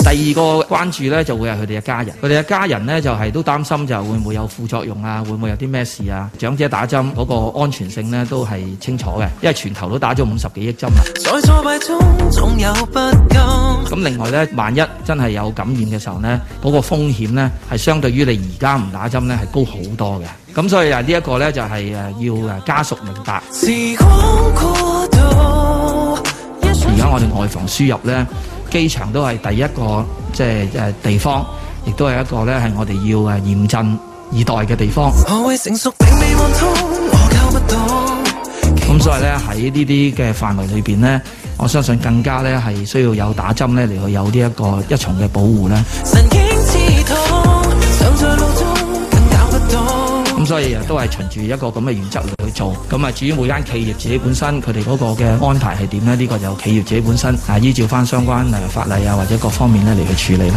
第二個關注呢，就會係佢哋嘅家人。佢哋嘅家人呢，就係、是、都擔心就會唔會有副作用啊，會唔會有啲咩事啊？長者打針嗰個安全性呢，都係清楚嘅，因為全球都打咗五十幾億針啦。在挫敗中總有不甘。咁另外呢，萬一真係有感染嘅時候呢，嗰、那個風險呢，係相對於你而家唔打針呢，係高好多嘅。咁所以啊，呢一個呢，就係、是、要誒家屬明白。而家我哋外防輸入呢。機場都係第一個即係誒地方，亦都係一個咧係我哋要誒嚴陣以待嘅地方。咁所以咧，喺呢啲嘅範圍裏邊咧，我相信更加咧係需要有打針咧嚟去有呢一個一重嘅保護咧。咁所以都係循住一個咁嘅原則嚟去做，咁啊，至於每間企業自己本身佢哋嗰個嘅安排係點咧，呢個就企業自己本身啊依照翻相關誒法例啊或者各方面咧嚟去處理啦。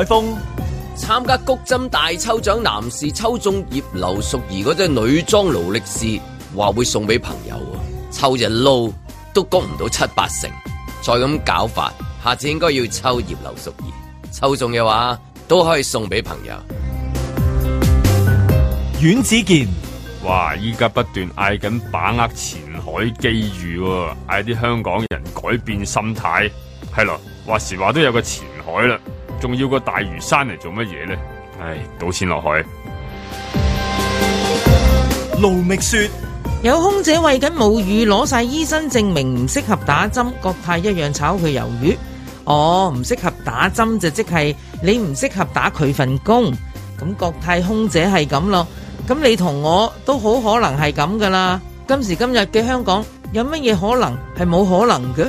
海峰參加谷針大抽獎，男士抽中葉劉淑儀嗰隻女裝勞力士，話會送俾朋友。抽日撈都谷唔到七八成，再咁搞法，下次應該要抽葉劉淑儀，抽中嘅話都可以送俾朋友。阮子健，哇！依家不斷嗌緊把握前海機遇，嗌啲香港人改變心態。係咯，話時話都有個前海啦。仲要個大嶼山嚟做乜嘢呢？唉，倒錢落海。盧覓雪：有空姐為緊母乳攞晒醫生證明，唔適合打針。國泰一樣炒佢魷魚。哦，唔適合打針就即係你唔適合打佢份工。咁國泰空姐係咁咯。咁你同我都好可能係咁噶啦。今時今日嘅香港有乜嘢可能係冇可能嘅？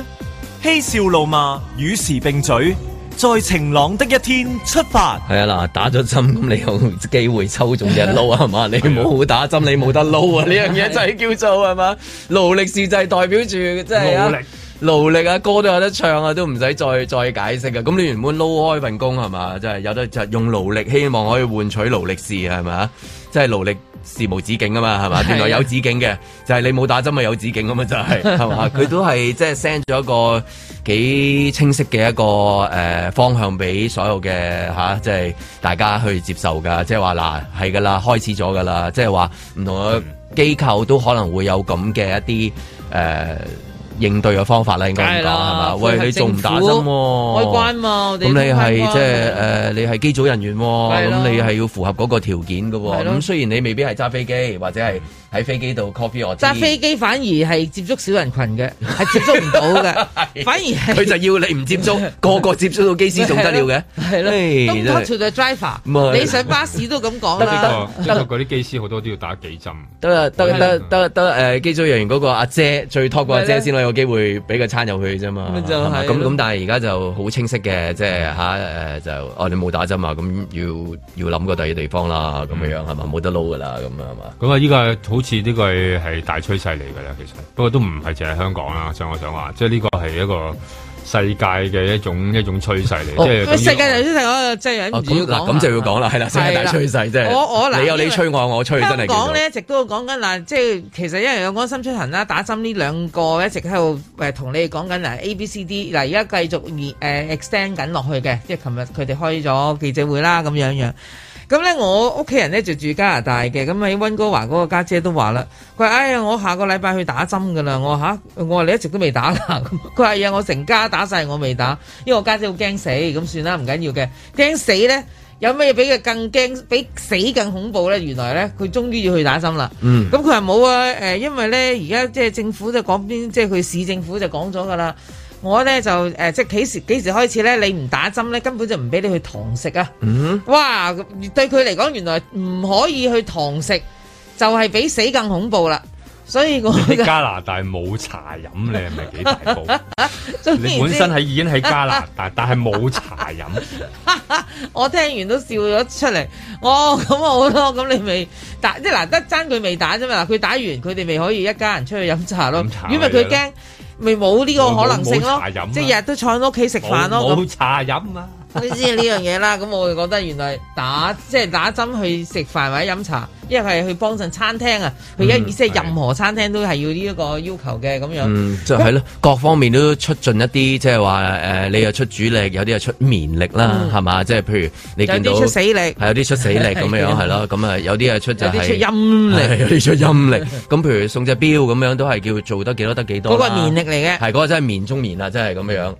嬉笑怒罵，與時並嘴。在晴朗的一天出發。係啊，嗱，打咗針，咁你有機會抽中隻撈啊係嘛？你冇打針你冇得撈啊！呢樣嘢就係叫做係嘛？勞力士就係代表住即係啊勞力，勞力啊歌都有得唱啊，都唔使再再解釋啊。咁你原本撈開份工係嘛，即係、就係、有得用勞力，希望可以換取勞力士係咪？即係勞力。事無止境啊嘛，係嘛？原來有止境嘅，是啊、就係你冇打針咪有止境咁嘛？就係係嘛，佢 都係即係 send 咗一個幾清晰嘅一個誒、呃、方向俾所有嘅嚇，即、啊、係、就是、大家去接受噶。即係話嗱，係噶啦，開始咗噶啦。即係話唔同嘅機構都可能會有咁嘅一啲誒。呃應對嘅方法咧，應該唔講，係嘛？喂，你仲唔打針、啊？開關喎！咁你係即係，誒、就是呃，你係機組人員喎、啊，咁的你係要符合 𠮶 個條件嘅喎、啊。咁的雖然你未必係揸飛機，或者係。喺飛機度 copy 我。揸飛機反而係接觸小人群嘅，係接觸唔到嘅，反而佢就要你唔接觸，個個接觸到機師仲得了嘅？係啦 driver，你上巴士都咁講啦。得，因為啲機師好多都要打幾針。得啦，得得得，機組人員嗰個阿姐，最拖過阿姐先有機會俾個餐入去啫嘛。咁咁，但係而家就好清晰嘅，即係吓，就哦，你冇打針啊，咁要要諗個第二地方啦，咁樣樣係嘛，冇得撈噶啦，咁啊嘛。咁啊，依個係似呢個係大趨勢嚟噶啦，其實不過都唔係淨係香港啦，想我想話，即係呢個係一個世界嘅一種一種趨勢嚟。世界大趨勢我係嗱，咁就要講啦，係啦，世界大趨勢即係我我你有你吹我我吹，真係。香港一直都講緊啦，即係其實一樣有安心出行啦、打針呢兩個一直喺度誒同你哋講緊嗱，A、B、C、D 嗱，而家繼續誒 extend 緊落去嘅，即係琴日佢哋開咗記者會啦，咁樣樣。咁咧，我屋企人咧就住加拿大嘅，咁喺溫哥華嗰個家姐都話啦，佢話哎呀，我下個禮拜去打針噶啦，我吓、啊，我話你一直都未打啦，佢 話、哎、呀，我成家打晒，我未打，因為我家姐好驚死，咁算啦，唔緊要嘅，驚死咧，有咩嘢比佢更驚，比死更恐怖咧？原來咧，佢終於要去打針啦。嗯，咁佢話冇啊，誒、呃，因為咧而家即係政府就講邊，即係佢市政府就講咗噶啦。我咧就誒，即係幾時幾時開始咧？你唔打針咧，根本就唔俾你去堂食啊！Mm hmm. 哇，對佢嚟講，原來唔可以去堂食，就係、是、比死更恐怖啦！所以我喺加拿大冇茶飲，你係咪幾大步？ 之你本身係已經喺加拿大， 但係冇茶飲。 我聽完都笑咗出嚟。哦，咁好咯，咁你咪打即嗱，得爭佢未打啫嘛？佢打完，佢哋咪可以一家人出去飲茶咯。麼因為佢驚。咪冇呢個可能性咯，即係日日都坐喺屋企食飯咯。冇茶飲啊！樣你知呢樣嘢啦，咁 我就覺得原來打即係、就是、打針去食飯或者飲茶，因為係去幫襯餐廳啊，佢一即係任何餐廳都係要呢一個要求嘅咁樣。嗯，就係、是、咯，各方面都出盡一啲，即係話誒，你又出主力，有啲又出綿力啦，係嘛、嗯？即係、就是、譬如你見到有啲出死力，係有啲出死力咁樣，係咯，咁啊有啲啊出就係、是、有啲出陰力，有啲出陰、就是、力。咁的譬如送隻表咁樣都係叫做得幾多得幾多。嗰個綿力嚟嘅，係嗰、那個真係棉中棉啊，真係咁樣。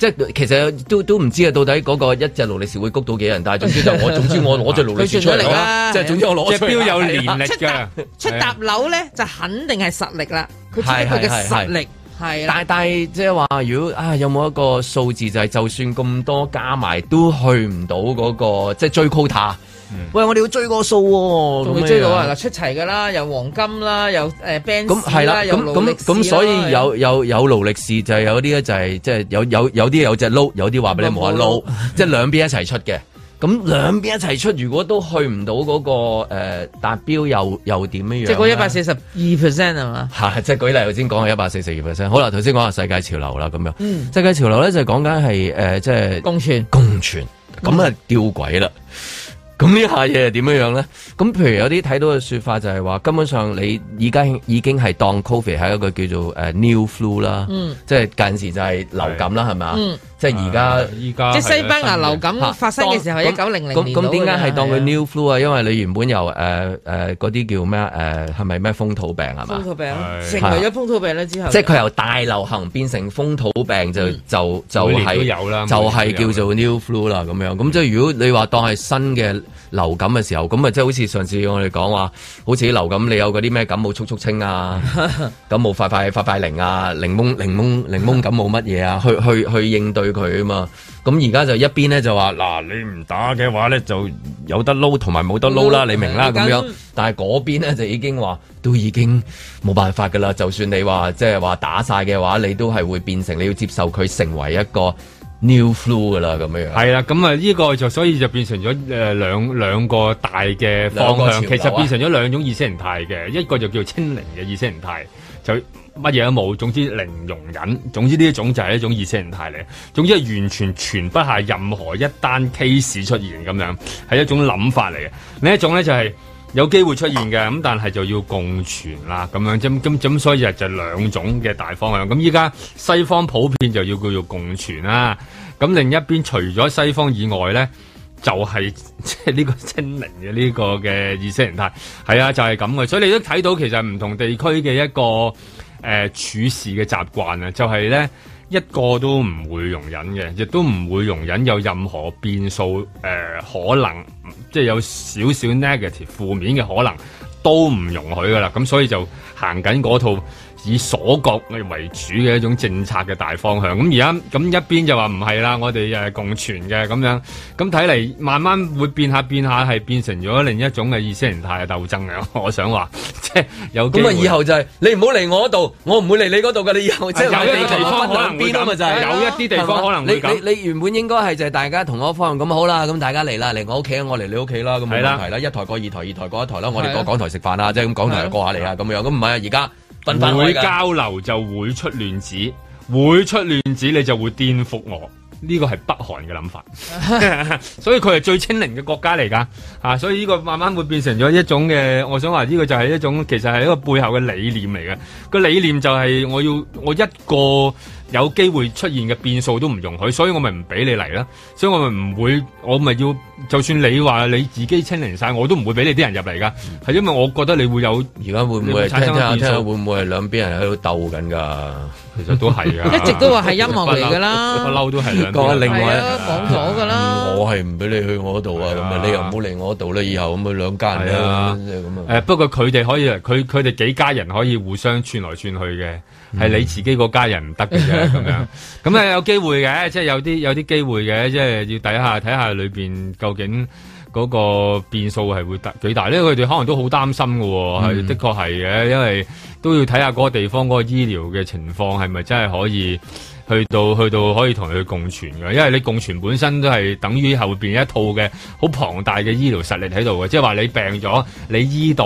即係其實都都唔知啊，到底嗰個一隻勞力士會谷到幾人？但係總之就我，總之我攞隻勞力士出嚟啦，即係總之我攞出嚟。隻錶有年曆㗎，出搭樓咧就肯定係實力啦。佢出得佢嘅實力係。但係即係話，如果啊有冇一個數字，就係就算咁多加埋都去唔到嗰個，即係追 quota。喂，我哋要追個數喎，仲會追到啊。嗱，出齊噶啦，有黃金啦，有誒，band 啦，有勞力士啦，咁所以有有有勞力士就係有啲咧就係即係有有有啲有只撈，有啲話俾你唔好撈，即係兩邊一齊出嘅，咁兩邊一齊出如果都去唔到嗰個誒達標，又又點樣？即係嗰一百四十二 percent 係嘛？即係舉例，我先講係一百四十二 percent。好啦，頭先講下世界潮流啦，咁樣，世界潮流咧就講緊係誒，即係共存，共存，咁啊吊詭啦。咁呢下嘢係點樣呢？咧？咁譬如有啲睇到嘅說法就係話，根本上你而家已經係當 covid 係一個叫做、呃、new flu 啦，嗯、即係近時就係流感啦，係咪、嗯？吧即係而家，而家即係西班牙流感發生嘅時候，一九零零年。咁咁點解係當佢 new flu 啊？因為你原本由誒誒嗰啲叫咩啊？誒係咪咩風土病係嘛。風土病成為咗風土病咧之後，即係佢由大流行變成風土病就就就係每年都有啦，就係叫做 new flu 啦咁樣。咁即係如果你話當係新嘅。流感嘅時候，咁啊，即係好似上次我哋講話，好似流感，你有嗰啲咩感冒速速清啊，感冒快快快快靈啊，檸檬檸檬檸檬感冒乜嘢啊，去去去應對佢啊嘛。咁而家就一邊咧就話，嗱，你唔打嘅話咧，就有得撈同埋冇得撈，嗯，啦，你明啦咁樣。但係嗰邊咧就已經話，都已經冇辦法噶啦。就算你話即係話打晒嘅話，你都係會變成你要接受佢成為一個。New flu 噶啦咁樣樣，係啦，咁啊呢個就所以就變成咗誒兩兩個大嘅方向，啊、其實變成咗兩種意識形態嘅，一個就叫做清零嘅意識形態，就乜嘢都冇，總之零容忍，總之呢一種就係一種意識形態嚟，總之係完全傳不下任何一單 case 出現咁樣，係一種諗法嚟嘅，另一種咧就係、是。有機會出現嘅，咁但係就要共存啦，咁樣咁咁咁，所以就係兩種嘅大方向。咁依家西方普遍就要叫做共存啦。咁另一邊除咗西方以外咧，就係即係呢個清明嘅呢個嘅意識形態，係啊，就係咁嘅。所以你都睇到其實唔同地區嘅一個誒、呃、處事嘅習慣啊，就係、是、咧。一個都唔會容忍嘅，亦都唔會容忍有任何變數，呃、可能即係有少少 negative 負面嘅可能，都唔容許噶啦。咁所以就行緊嗰套。以鎖國為主嘅一種政策嘅大方向，咁而家咁一邊就話唔係啦，我哋誒共存嘅咁樣，咁睇嚟慢慢會變下變下，係變成咗另一種嘅意識形態嘅鬥爭嘅。我想話即係有咁啊、嗯！以後就係、是、你唔好嚟我度，我唔會嚟你嗰度㗎。你以後即係有一地方可能變咁啊！就係有一啲地方可能你你原本應該係就係大家同一方向咁好啦，咁大家嚟啦，嚟我屋企，我嚟你屋企啦，咁冇問題啦。的一台過二台，二台過一台啦，的我哋過港台食飯啦，即係咁港台過下嚟啊，咁樣咁唔係啊，而家。會交流就會出亂子，會出亂子你就會顛覆我，呢、呢個係北韓嘅諗法 所是，所以佢係最清零嘅國家嚟噶，啊，所以呢個慢慢會變成咗一種嘅，我想話呢個就係一種，其實係一個背後嘅理念嚟嘅，個理念就係我要我一個。有機會出現嘅變數都唔容許，所以我咪唔俾你嚟啦。所以我咪唔會，我咪要，就算你話你自己清零晒，我都唔會俾你啲人入嚟噶。係、嗯、因為我覺得你會有而家會唔會係聽會產生聽下，聽下會唔會係兩邊人喺度鬥緊噶？其實都係㗎。 一直都話係音樂嚟噶啦，嬲都係兩邊。 一直兩邊另外講咗噶啦，我係唔俾你去我嗰度啊，咁啊，你又唔好嚟我度啦。以後咁啊，兩家人啦，咁誒，不過佢哋可以，佢佢哋幾家人可以互相串來串去嘅。係你自己個家人唔得嘅啫，咁 樣咁咧有機會嘅，即係有啲有啲機會嘅，即係要睇下睇下裏邊究竟嗰個變數係會大幾大，呢個佢哋可能都好擔心嘅，係的確係嘅，因為都要睇下嗰個地方嗰個醫療嘅情況係咪真係可以。去到去到可以同佢共存嘅，因為你共存本身都係等於後邊一套嘅好龐大嘅醫療實力喺度嘅，即係話你病咗你醫到，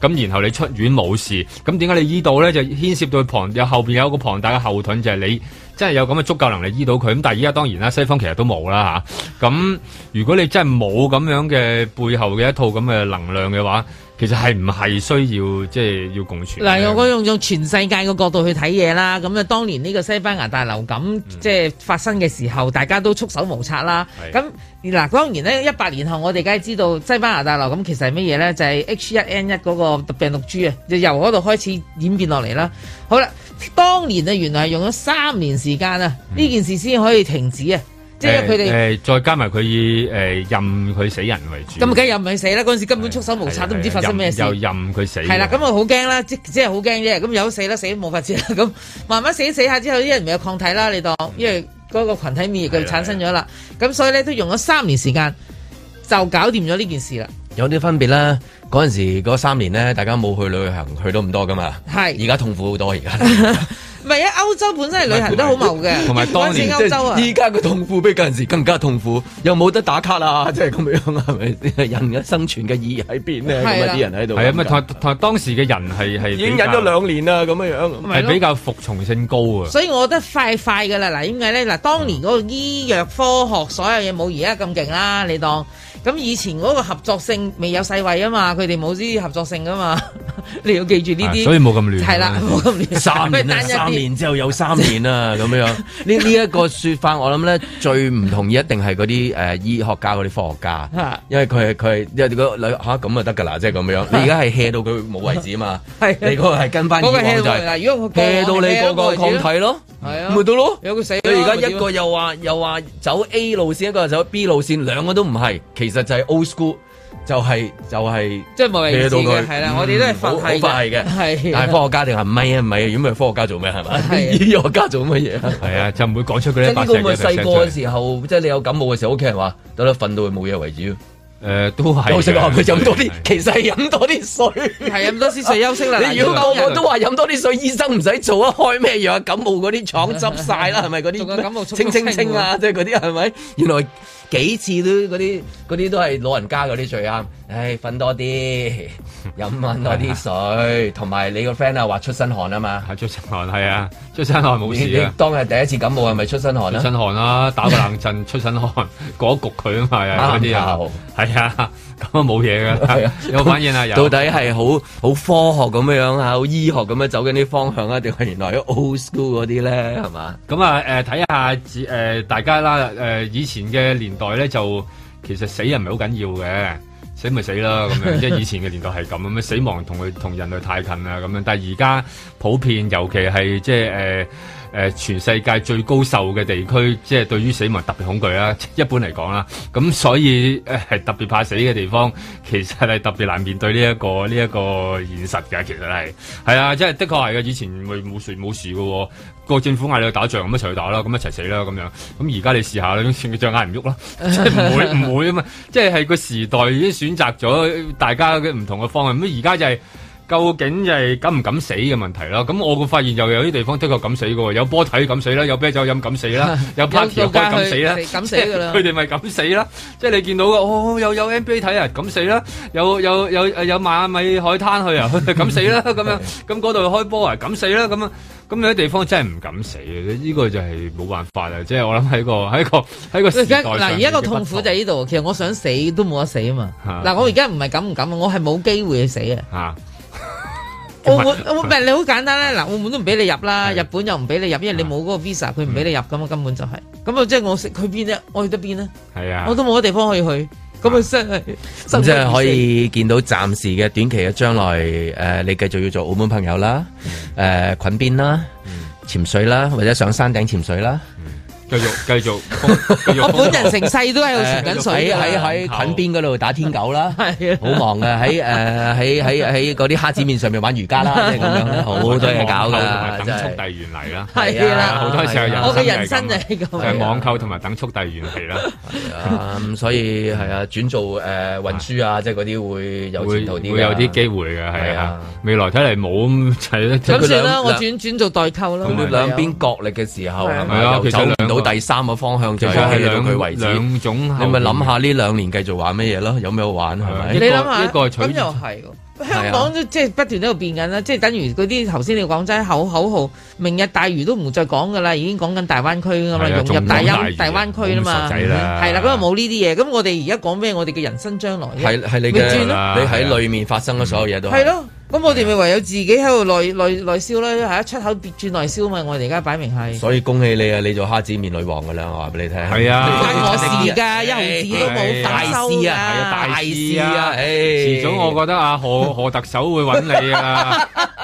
咁然後你出院冇事，咁點解你醫到呢？就牽涉到龐有後邊有一個龐大嘅後盾，就係、是、你真係有咁嘅足夠能力醫到佢。咁但係而家當然啦，西方其實都冇啦嚇。咁、啊、如果你真係冇咁樣嘅背後嘅一套咁嘅能量嘅話，其實係唔係需要即係要共存？嗱，我用用全世界嘅角度去睇嘢啦。咁啊，當年呢個西班牙大流感即係發生嘅時候，嗯、大家都束手無策啦。咁嗱，當然呢，一百年後我哋梗係知道西班牙大流感其實係乜嘢咧？就係、是、H1N1 嗰個特別毒株啊，就由嗰度開始演變落嚟啦。好啦，當年啊，原來係用咗三年時間啊，呢件事先可以停止啊。即佢哋誒，再加埋佢以誒、欸、任佢死人為主。咁梗係任佢死啦！嗰時根本束手無策，都唔知發生咩事。又任佢死。係啦，咁我好驚啦，即即係好驚啫。咁有死啦，死都冇法子啦。咁慢慢死死下之後，啲人咪有抗體啦。你當，因為嗰個群體免疫佢產生咗啦。咁所以咧，都用咗三年時間就搞掂咗呢件事啦。有啲分別啦，嗰陣時嗰三年咧，大家冇去旅行，去到咁多噶嘛。係。而家痛苦好多，而家。唔係啊！歐洲本身係旅行都好茂嘅，同埋當時歐洲啊，依家嘅痛苦比嗰陣時更加痛苦，又冇得打卡啦，啊！即係咁樣，係咪人嘅生存嘅意義喺邊咧？咁啊啲人喺度。係啊，咪同同當時嘅人係係已經忍咗兩年啦，咁樣樣係比較服從性高啊。所以我覺得快快㗎啦！嗱，點解咧？嗱，當年嗰個醫藥科學所有嘢冇而家咁勁啦，你當。咁以前嗰個合作性未有世衛啊嘛，佢哋冇啲合作性啊嘛，你要記住呢啲，所以冇咁亂，係啦，冇咁亂。三年三年之後有三年啊，咁樣呢呢一個説法，我諗咧最唔同意一定係嗰啲誒醫學家嗰啲科學家，因為佢係佢係因為個你嚇咁就得㗎啦，即係咁樣。你而家係嚇到佢冇位置啊嘛，係你個係跟翻二環如果嚇到你個個抗體咯，係啊，到咯，有個死。你而家一個又話又話走 A 路線，一個走 B 路線，兩個都唔係實就係 old school，就係就係，即係冇用嘅，係啦，我哋都係瞓係嘅，係。但係科學家定係唔係啊？唔係，如果唔係科學家做咩係咪？醫藥家做乜嘢？係啊，就唔會講出嗰啲。咁我細個嘅時候，即係你有感冒嘅時候，屋企人話等你瞓到佢冇嘢為止。誒，都係，都識話佢飲多啲，其實飲多啲水，係飲多啲水休息啦。你如果我我都話飲多啲水，醫生唔使做啊，開咩藥啊？感冒嗰啲，廠執晒啦，係咪嗰啲清清清啊？即係嗰啲係咪？原來。幾次都嗰啲嗰啲都係老人家嗰啲最啱，唉瞓多啲，飲翻多啲水，同埋、 啊、你個 friend 啊話出身汗啊嘛，係出身汗係啊，出身汗冇事你，你當係第一次感冒係咪出身汗出身汗啦，啊，打個冷震 出身汗，焗一焗佢啊嘛，嗰啲又，係 啊。咁啊冇嘢㗎。 的有，有反應啊！有到底係好好科學咁樣啊，好醫學咁樣走緊啲方向啊，定係原來 old school 嗰啲咧係嘛？咁啊呃、睇下大家啦、呃、以前嘅年代咧，就其實死人唔係好緊要嘅，死咪死啦咁樣，即係以前嘅年代係咁啊，死亡同佢同人類太近啊咁樣，但係而家普遍尤其係即係誒、呃，全世界最高壽嘅地區，即係對於死亡特別恐懼啦。一般嚟講啦，咁所以誒係、呃、特別怕死嘅地方，其實係特別難面對呢、這、一個呢一、這個現實嘅。其實係係啊，即係的確係嘅。以前會冇事冇事嘅喎、哦，個政府嗌你去打仗，咁一齊去打啦，咁一齊死啦咁樣。咁而家你試下啦，佢隻眼唔喐啦，即係唔會唔 會啊嘛。即係係個時代已經選擇咗大家嘅唔同嘅方向，咁而家就係、是。究竟係敢唔敢死嘅問題啦？咁我個發現又有啲地方的確敢死嘅，有波睇敢死啦，有啤酒飲敢死啦，有 party 開敢死啦，即係佢哋咪敢死啦。即係你見到嘅，哦，有有 NBA 睇啊，敢死啦！有有有有邁阿密海灘去啊，敢死啦！咁樣咁嗰度開波啊，敢死啦！咁啊，咁有啲地方真係唔敢死嘅，呢個就係冇辦法啊！即係我諗喺個喺個喺個時代上，嗱而家個痛苦就喺呢度，其實我想死都冇得死啊嘛！嗱，我而家唔係敢唔敢啊，我係冇機會去死啊。澳門澳門，唔係 你好簡單咧，嗱，澳門都唔俾你入啦，日本又唔俾你入，因為你冇嗰個 visa，佢唔俾你入咁啊。嗯、根本就係、是，咁啊，即係我識去邊呢？我去得邊咧，係啊，我都冇乜地方可以去，咁啊，真係，咁即係可以見到暫時嘅短期嘅將來，誒、呃，你繼續要做澳門朋友啦，誒、呃，捆邊啦，潛水啦，或者上山頂潛水啦。繼續繼續，我本人成世都係潛緊水，喺喺近邊嗰度打天狗啦，好忙嘅，喺誒喺喺喺嗰啲蝦子麵上面玩瑜伽啦，咁樣好多嘢搞噶，等速遞員嚟啦，係啊，好多時候人我嘅人生就係咁，係網購同埋等速遞員嚟啦，所以係啊，轉做誒運輸啊，即係嗰啲會有前途啲嘅，會有啲機會嘅，係啊，未來睇嚟冇咁啦，咁算啦，我轉轉做代購啦，兩邊角力嘅時候係啊，冇第三個方向，就係去到佢為止。兩種，你咪諗下呢兩年繼續玩乜嘢咯？有咩好玩係咪？一個一個係，咁又係。香港即係不斷喺度變緊啦，即係等於嗰啲頭先你講齋口口號，明日大嶼都唔再講噶啦，已經講緊大灣區咁啦，融入大大灣區啦嘛。係啦，咁啊冇呢啲嘢。咁我哋而家講咩？我哋嘅人生將來係係你嘅，你喺裏面發生嘅所有嘢都係咯。咁我哋咪唯有自己喺度內內內銷啦，係啊出口轉內銷嘛，我哋而家擺明係。所以恭喜你啊，你做蝦子麵女王噶啦，我話俾你聽。係啊，關我事噶，一毫的子都冇大，大事啊，啊，大事啊，唉，遲、啊哎、早我覺得阿何 何特首會揾你啊。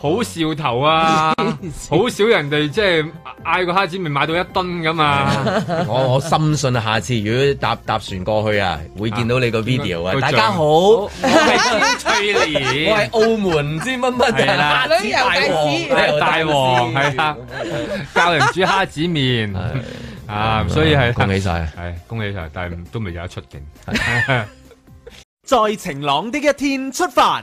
好兆頭啊！好少人哋即係嗌個蝦子麵買到一噸㗎嘛。我我深信下次如果搭搭船過去啊，會見到你個 video 啊！大家好，我係澳門之乜乜嘢旅大王，大王係啊，教人煮蝦子麵啊！所以係恭喜晒，係恭喜晒，但係都未有得出境。在晴朗的一天出發。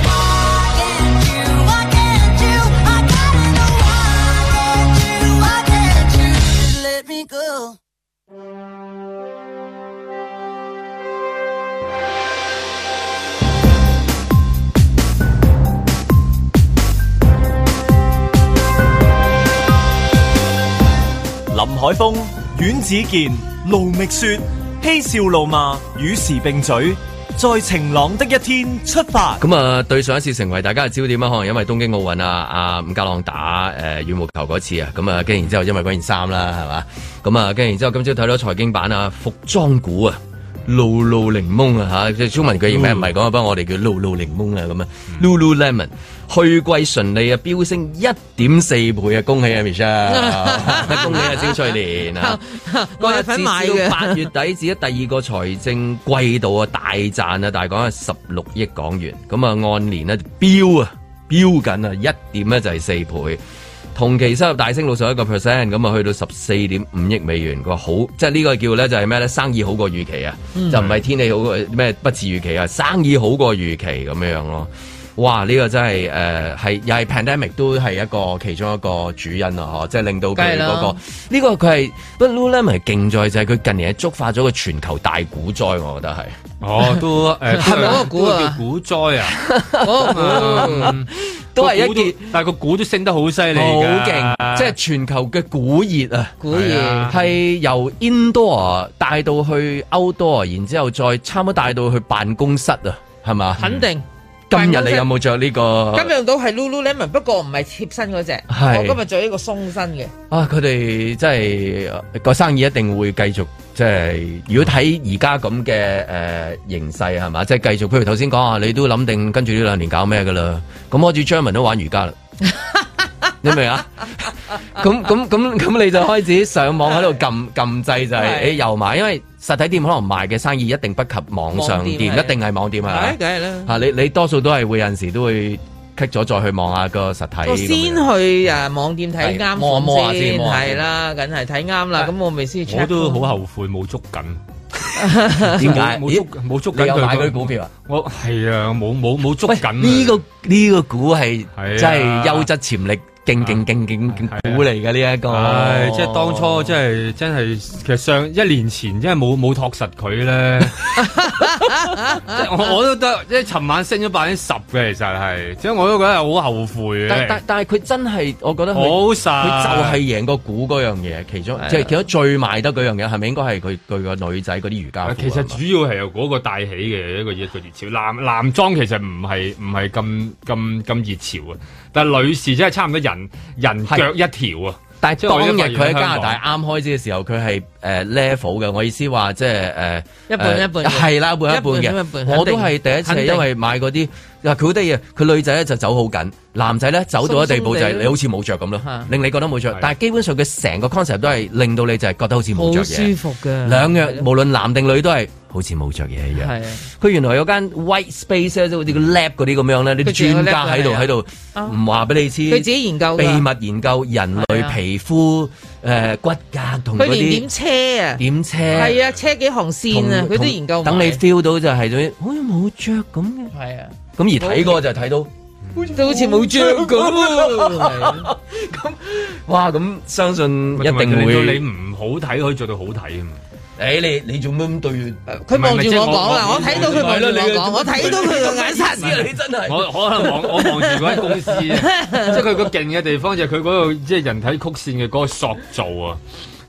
林海峰、阮子健、盧覓雪，嬉笑怒罵，與時並舉，在晴朗的一天出發。咁啊，對上一次成為大家嘅焦點啊，可能因為東京奧運啊，阿伍家朗打誒羽毛球嗰次啊，咁啊，跟然之後因為嗰件衫啦，係嘛，咁啊，跟然、啊、之後今朝睇到財經版啊，服裝股啊。露露檸檬啊吓，即係中文叫咩唔係？講不過我哋叫露露檸檬啊咁啊，Lululemon，去季純利啊，飆升一點四倍啊，恭喜啊 Michelle， 恭喜啊精趣年 啊！啊，嗰一至至八月底至咧第二個財政季度啊，大賺啊，大概係十六億港元，咁啊按年咧飆啊，飆緊啊，一點呢，就係四倍。同期收入大升，六十一個 percent，咁啊去到十四點五億美元。個好即係呢個叫咧就係咩咧？生意好過預期啊，mm hmm. 就唔係天氣好咩不似預期啊，生意好過預期咁樣樣咯。哇！呢、這個真係誒係又係 pandemic 都係一個其中一個主因啊！嗬，即係令到佢嗰、那個呢個佢係不 l u l e m i c 勁在就係佢近年係觸發咗個全球大股災，我覺得係。哦，都誒，個股啊，股災啊，個股都係一件，但係個股都升得好犀利好勁，即係全球嘅股熱啊，股熱係由 Indo 帶到去歐多，然之後再差唔多帶到去辦公室啊，係嘛？肯定。今日你有冇着呢個？今日都到係 Lululemon，不過唔係貼身嗰隻，我今日着呢個鬆身嘅。啊，佢哋真係個生意一定會繼續。即係如果睇而家咁嘅誒形勢係嘛，即係繼續。譬如頭先講啊，你都諗定跟住呢兩年搞咩㗎啦。咁我似 Jeremy 都玩瑜伽啦， 你明唔明啊？咁咁咁咁，你就開始上網喺度撳撳掣， 按按就係、是、誒的又買。因為實體店可能賣嘅生意一定不及網上店，店一定係網店啊。梗係啦，你你多數都係會有陣時都會。剔咗再去望下個實體，先去啊網店睇啱先，係啦，梗係睇啱啦，咁我咪先。我都好後悔冇捉緊，點解冇捉冇捉緊佢？有買佢股票啊！我係啊，冇冇冇捉緊。呢個呢個股係真係優質潛力。勁勁勁勁股嚟嘅，呢一個，哎哎、即係當初即係真係，其實上一年前真係冇冇托實佢咧。 我我都得，即係尋晚升咗百分之十嘅，其實係，即係我都覺得好後悔。但但係佢真係，我覺得好生，佢就係贏、嗰個股嗰樣嘢，其中即係、啊、其中最賣得嗰樣嘢，係咪應該係佢佢個女仔嗰啲瑜伽？其實主要係由嗰個帶起嘅一、嗰個嘢，個熱潮。啊、男男裝其實唔係唔係咁咁咁熱潮啊。但係女士真係差唔多人人腳一條啊！但係當日佢喺加拿大啱開始嘅時候，佢係誒 level 嘅。我意思話即係誒一半一半係啦，一半一半嘅。一半一半我都係第一次，因為買嗰啲。嗱，佢好得意啊，佢女仔咧就走好緊，男仔咧走到一地步就係你好似冇着咁咯，令你覺得冇着。但係基本上佢成個 concept 都係令到你就係覺得好似冇着嘢，好舒服嘅。兩樣，無論男定女都係好似冇着嘢一樣。係啊。佢原來有間 white space 即好似個 lab 嗰啲咁樣咧，你啲專家喺度喺度唔話俾你知。佢自己研究。秘密研究人類皮膚誒骨骼同。佢連點車啊？點車？係啊，車幾行線啊？佢都研究。等你 feel 到就係好似冇着咁嘅。係啊。咁而睇過就睇到就好似冇照咁，咁哇咁相信一定會令到你唔好睇可以做到好睇啊！誒，你你做乜咁對？佢望住我講啊，我睇到佢望住你講，我睇到佢個眼神呀，你真係我可能望我望住嗰間公司，即係佢個勁嘅地方就係佢嗰個即係人體曲線嘅嗰個塑造啊，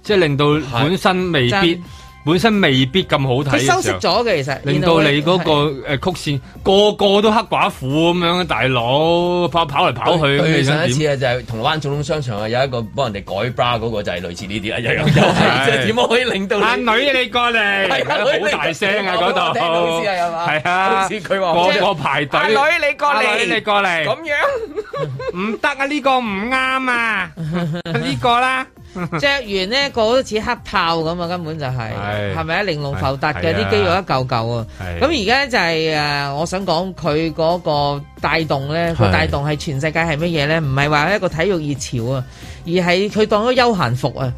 即係令到本身未必。本身未必咁好睇嘅，佢收縮咗嘅，其實令到你嗰個誒曲線個個都黑寡婦咁樣，大佬跑跑嚟跑去。上一次啊，就係銅鑼灣總統商場啊，有一個幫人哋改 bra 嗰個就係類似呢啲啊，又又又係，即係點可以令到？阿女你過嚟，好大聲啊！嗰度，係啊，係啊，個個排隊。阿女你過嚟，你過嚟，咁樣唔得啊！呢個唔啱啊，呢個啦。着完咧，個個都好似黑豹咁啊！根本就係，係咪啊？玲瓏浮凸嘅啲肌肉一嚿嚿啊！咁而家就係誒，我想講佢嗰個帶動咧，佢帶動係全世界係乜嘢咧？唔係話一個體育熱潮啊，而係佢當咗休閒服啊！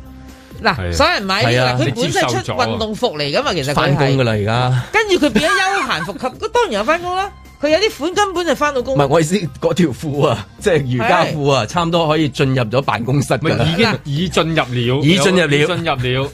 嗱，所有人買嘅嗱，佢本身出運動服嚟噶嘛，其實翻工噶啦而家，跟住佢變咗休閒服，及咁當然有翻工啦。佢有啲款根本就翻到工，唔係我意思，嗰條褲啊，即係瑜伽褲啊，是是差唔多可以進入咗辦公室噶已經已進入了， 已進入了，進入了。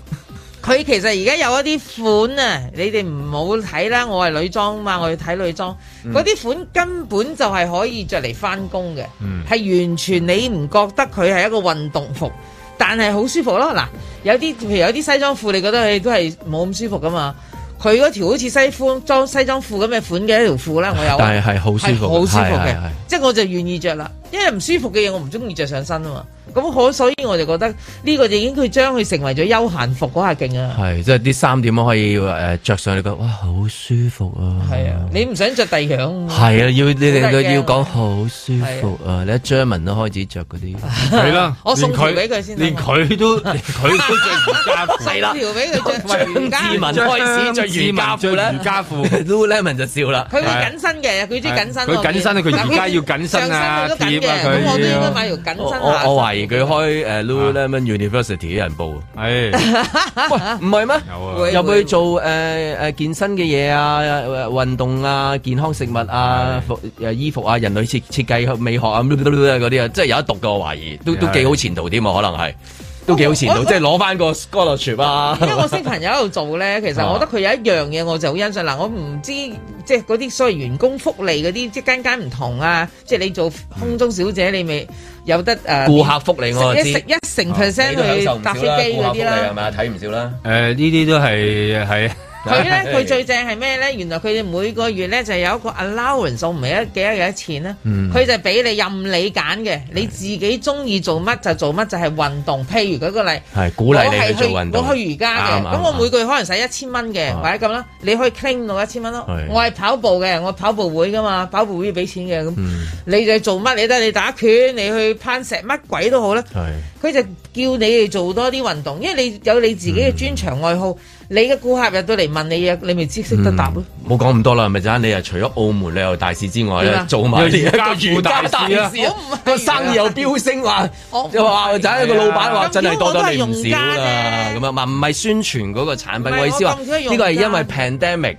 佢 其實而家有一啲款啊，你哋唔好睇啦，我係女裝嘛，我要睇女裝。嗰啲，嗯、款根本就係可以着嚟翻工嘅，係、嗯、完全你唔覺得佢係一個運動服，但係好舒服咯。嗱，有啲譬如有啲西裝褲，你覺得佢都係冇咁舒服噶嘛？佢嗰條好似西褲裝西裝褲咁嘅款嘅一條褲啦，我有，但係係好舒服，好舒服嘅，即係是我就願意着啦，是是是因為唔舒服嘅嘢我唔中意着上身啊嘛。咁可所以我就覺得呢個已經佢將佢成為咗休閒服嗰下勁啊！係即係啲衫點樣可以着上嚟覺得哇好舒服啊！係啊，你唔想着第二樣？係啊，要你哋個要講好舒服啊！你一張文都開始着嗰啲係啦，我送佢俾佢先，連佢都佢都着瑜伽褲係啦，條俾佢著。張志文開始著瑜伽褲咧，張志文著瑜伽褲都 Lululemon 就笑啦。佢緊身嘅，佢中意緊身。佢緊身佢而家要緊身啊！貼啊佢。我我為佢開誒，Lululemon University 啲人報，係喂唔係咩？入去做誒誒健身嘅嘢啊，運動啊，健康食物啊，服誒衣服啊，人類設設計、美學啊，嗰啲啊，即係有得讀嘅。我懷疑都都幾好前途啲，可能係。都幾好前途，即係攞翻個 scholarship 嘛。因為我識朋友喺度做咧，其實我覺得佢有一樣嘢我就好欣賞。嗱，我唔知即係嗰啲所謂員工福利嗰啲，即間間唔同啊。即係你做空中小姐，你咪有得誒顧客福利我一食一成 percent 去搭飛機嗰啲係咪啊？睇唔少啦。誒，呢啲都係係。佢咧，佢最正係咩咧？原來佢哋每個月咧就有一個 allowance，數唔係一幾多幾多錢咧。佢、嗯、就俾你任你揀嘅，是你自己中意做乜就做乜，就係、是、運動。譬如嗰個例，鼓勵你去做運動，我係去，我去瑜伽嘅，咁對我每個月可能使一千蚊嘅，對或者咁啦。對你可以 claim 到一千蚊咯。對我係跑步嘅，我跑步會噶嘛，跑步會要俾錢嘅。咁你就做乜你得？你打拳，你去攀石，乜鬼都好啦。佢對就叫你哋做多啲運動，因為你有你自己嘅專長愛好。嗯你嘅顧客入到嚟問你嘢，你咪知識得答咯。冇講咁多啦，係咪先？你又除咗澳門旅遊大使之外咧，麼做埋一個如家大使、啊，個生意又飆升話、啊，就話就一個老闆話真係多咗你唔少啦、啊。咁樣唔係宣傳嗰個產品，我意思話呢個係因為 pandemic。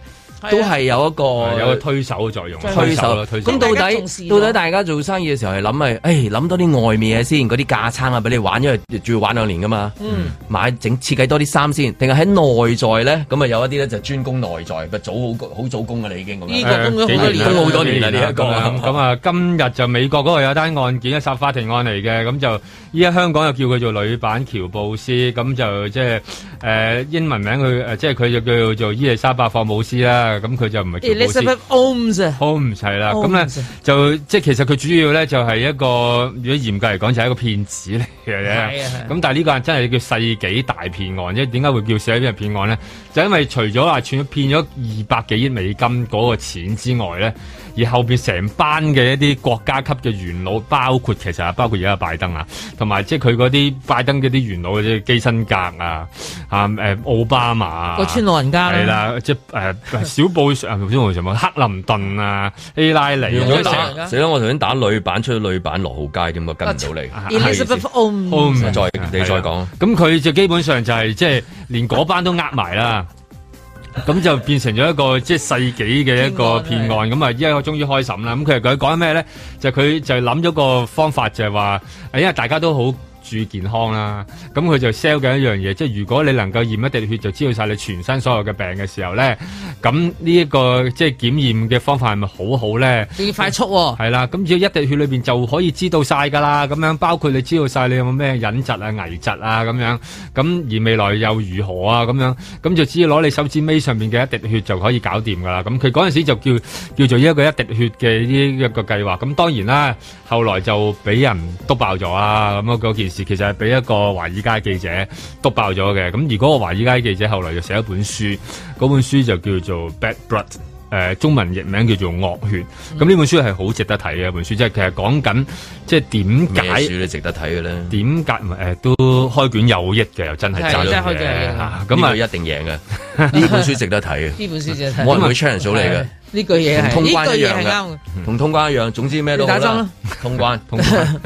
都係有一個有個推手嘅作用，推手啦推。咁到底到底大家做生意嘅時候係諗係，誒諗多啲外面嘢先，嗰啲架撐啊俾你玩，因為仲要玩兩年㗎嘛。嗯，買整設計多啲衫先，定係喺內在咧？咁啊有一啲咧就專攻內在，咪早好好早工嘅啦已經咁樣。呢個工咗好多年，好多年啦呢一個。咁啊，今日就美國嗰度有一單案件一紗法庭案嚟嘅，咁就依家香港又叫佢做女版喬布斯，咁就即係誒英文名佢誒，即係佢就叫做伊麗莎白霍姆斯啦。咁佢、嗯、就唔係做 e 險，Holmes 係啦，咁咧就即係其實佢主要咧就係、是、一個，如果嚴格嚟講就係、是、一個騙子嚟嘅嘢。咁、 嗯、但係呢個真係叫世紀大騙案，即係點解會叫世紀大騙案咧？就因為除咗話串騙咗二百幾億美金嗰個錢之外咧，而後面成班嘅一啲國家級嘅元老，包括其實啊，包括而家拜登啊，同埋即係佢嗰啲拜登嘅啲元老，嘅係基辛格啊，啊誒奧巴馬個村老人家啦，即、啊 小布什，頭先我上嘛，克林頓啊，希拉里，死啦！我頭先打女版，出女版羅浩佳點解跟唔到你？Illness of own，再你再講，咁佢就基本上就係即係連嗰班都呃埋啦，咁就變成咗一個即係世紀嘅一個騙案。咁啊依家我終於開審啦，咁佢佢講緊咩咧？就係佢就諗咗個方法，就係話，因為大家都好。注意健康啦，咁佢就 sell 嘅一樣嘢，即係如果你能夠驗一滴血就知道晒你全身所有嘅病嘅時候咧，咁呢一個即係檢驗嘅方法係咪好好咧？仲要快速，係啦，咁只要一滴血裏邊就可以知道晒噶啦，咁樣包括你知道晒你有冇咩隱疾啊、危疾啊咁樣，咁而未來又如何啊？咁樣咁就只要攞你手指尾上面嘅一滴血就可以搞掂噶啦，咁佢嗰陣時就叫叫做一個一滴血嘅呢一個計劃，咁當然啦，後來就俾人督爆咗啊，咁嗰件。其實係俾一個華爾街記者督爆咗嘅，咁如果個華爾街記者後來又寫一本書，嗰本書就叫做 Bad Blood，誒，中文譯名叫做惡血，咁呢本書係好值得睇嘅一本書，即係其實講緊即係點解你值得睇嘅咧？點解誒都開卷有益嘅又真係賺咗，咁啊一定贏嘅，呢本書值得睇嘅，呢本書值得睇，我係唔會吹人嘴嚟嘅，呢句嘢同通關一樣嘅，同通關一樣，總之咩都好啦，通關通關。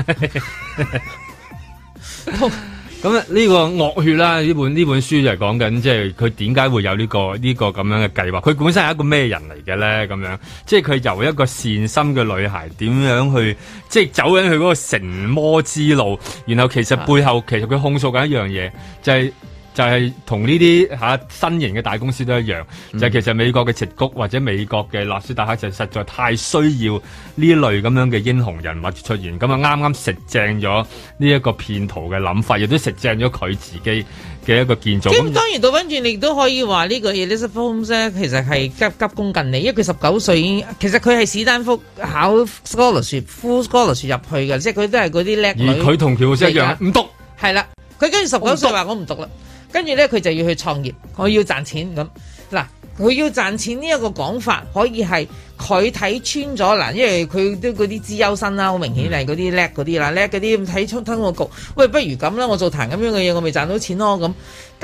咁啊，呢 個惡血啦，呢本呢本書就係講緊，即係佢點解會有呢、呢個呢、呢個咁樣嘅計劃？佢本身係一個咩人嚟嘅咧？咁樣，即係佢由一個善心嘅女孩，點樣去、嗯、即係走緊佢嗰個成魔之路？然後其實背後，嗯、其實佢控訴緊一樣嘢，就係、是。就係同呢啲嚇新型嘅大公司都一樣，嗯、就其實美國嘅矽谷或者美國嘅納斯達克就實在太需要呢類咁樣嘅英雄人物出現，咁啊啱啱食正咗呢一個騙徒嘅諗法，亦都食正咗佢自己嘅一個建造。咁、嗯、當然倒翻轉，你都可以話呢個 Elizabeth Holmes 其實係急急功近利，因為佢十九歲已經，其實佢係史丹福考 scholarship full scholarship 入去嘅，即係佢都係嗰啲叻女。而佢同喬布斯一樣唔、啊、讀。係啦，佢跟住十九歲話：我唔讀啦。跟住呢，佢就要去創業，我要賺錢咁。嗱，佢要賺錢呢一個講法，可以係佢睇穿咗啦，因為佢都嗰啲資優生啦，好明顯係嗰啲叻嗰啲啦，叻嗰啲咁睇出吞我局。喂，不如咁啦，我做彈咁樣嘅嘢，我咪賺到錢咯。咁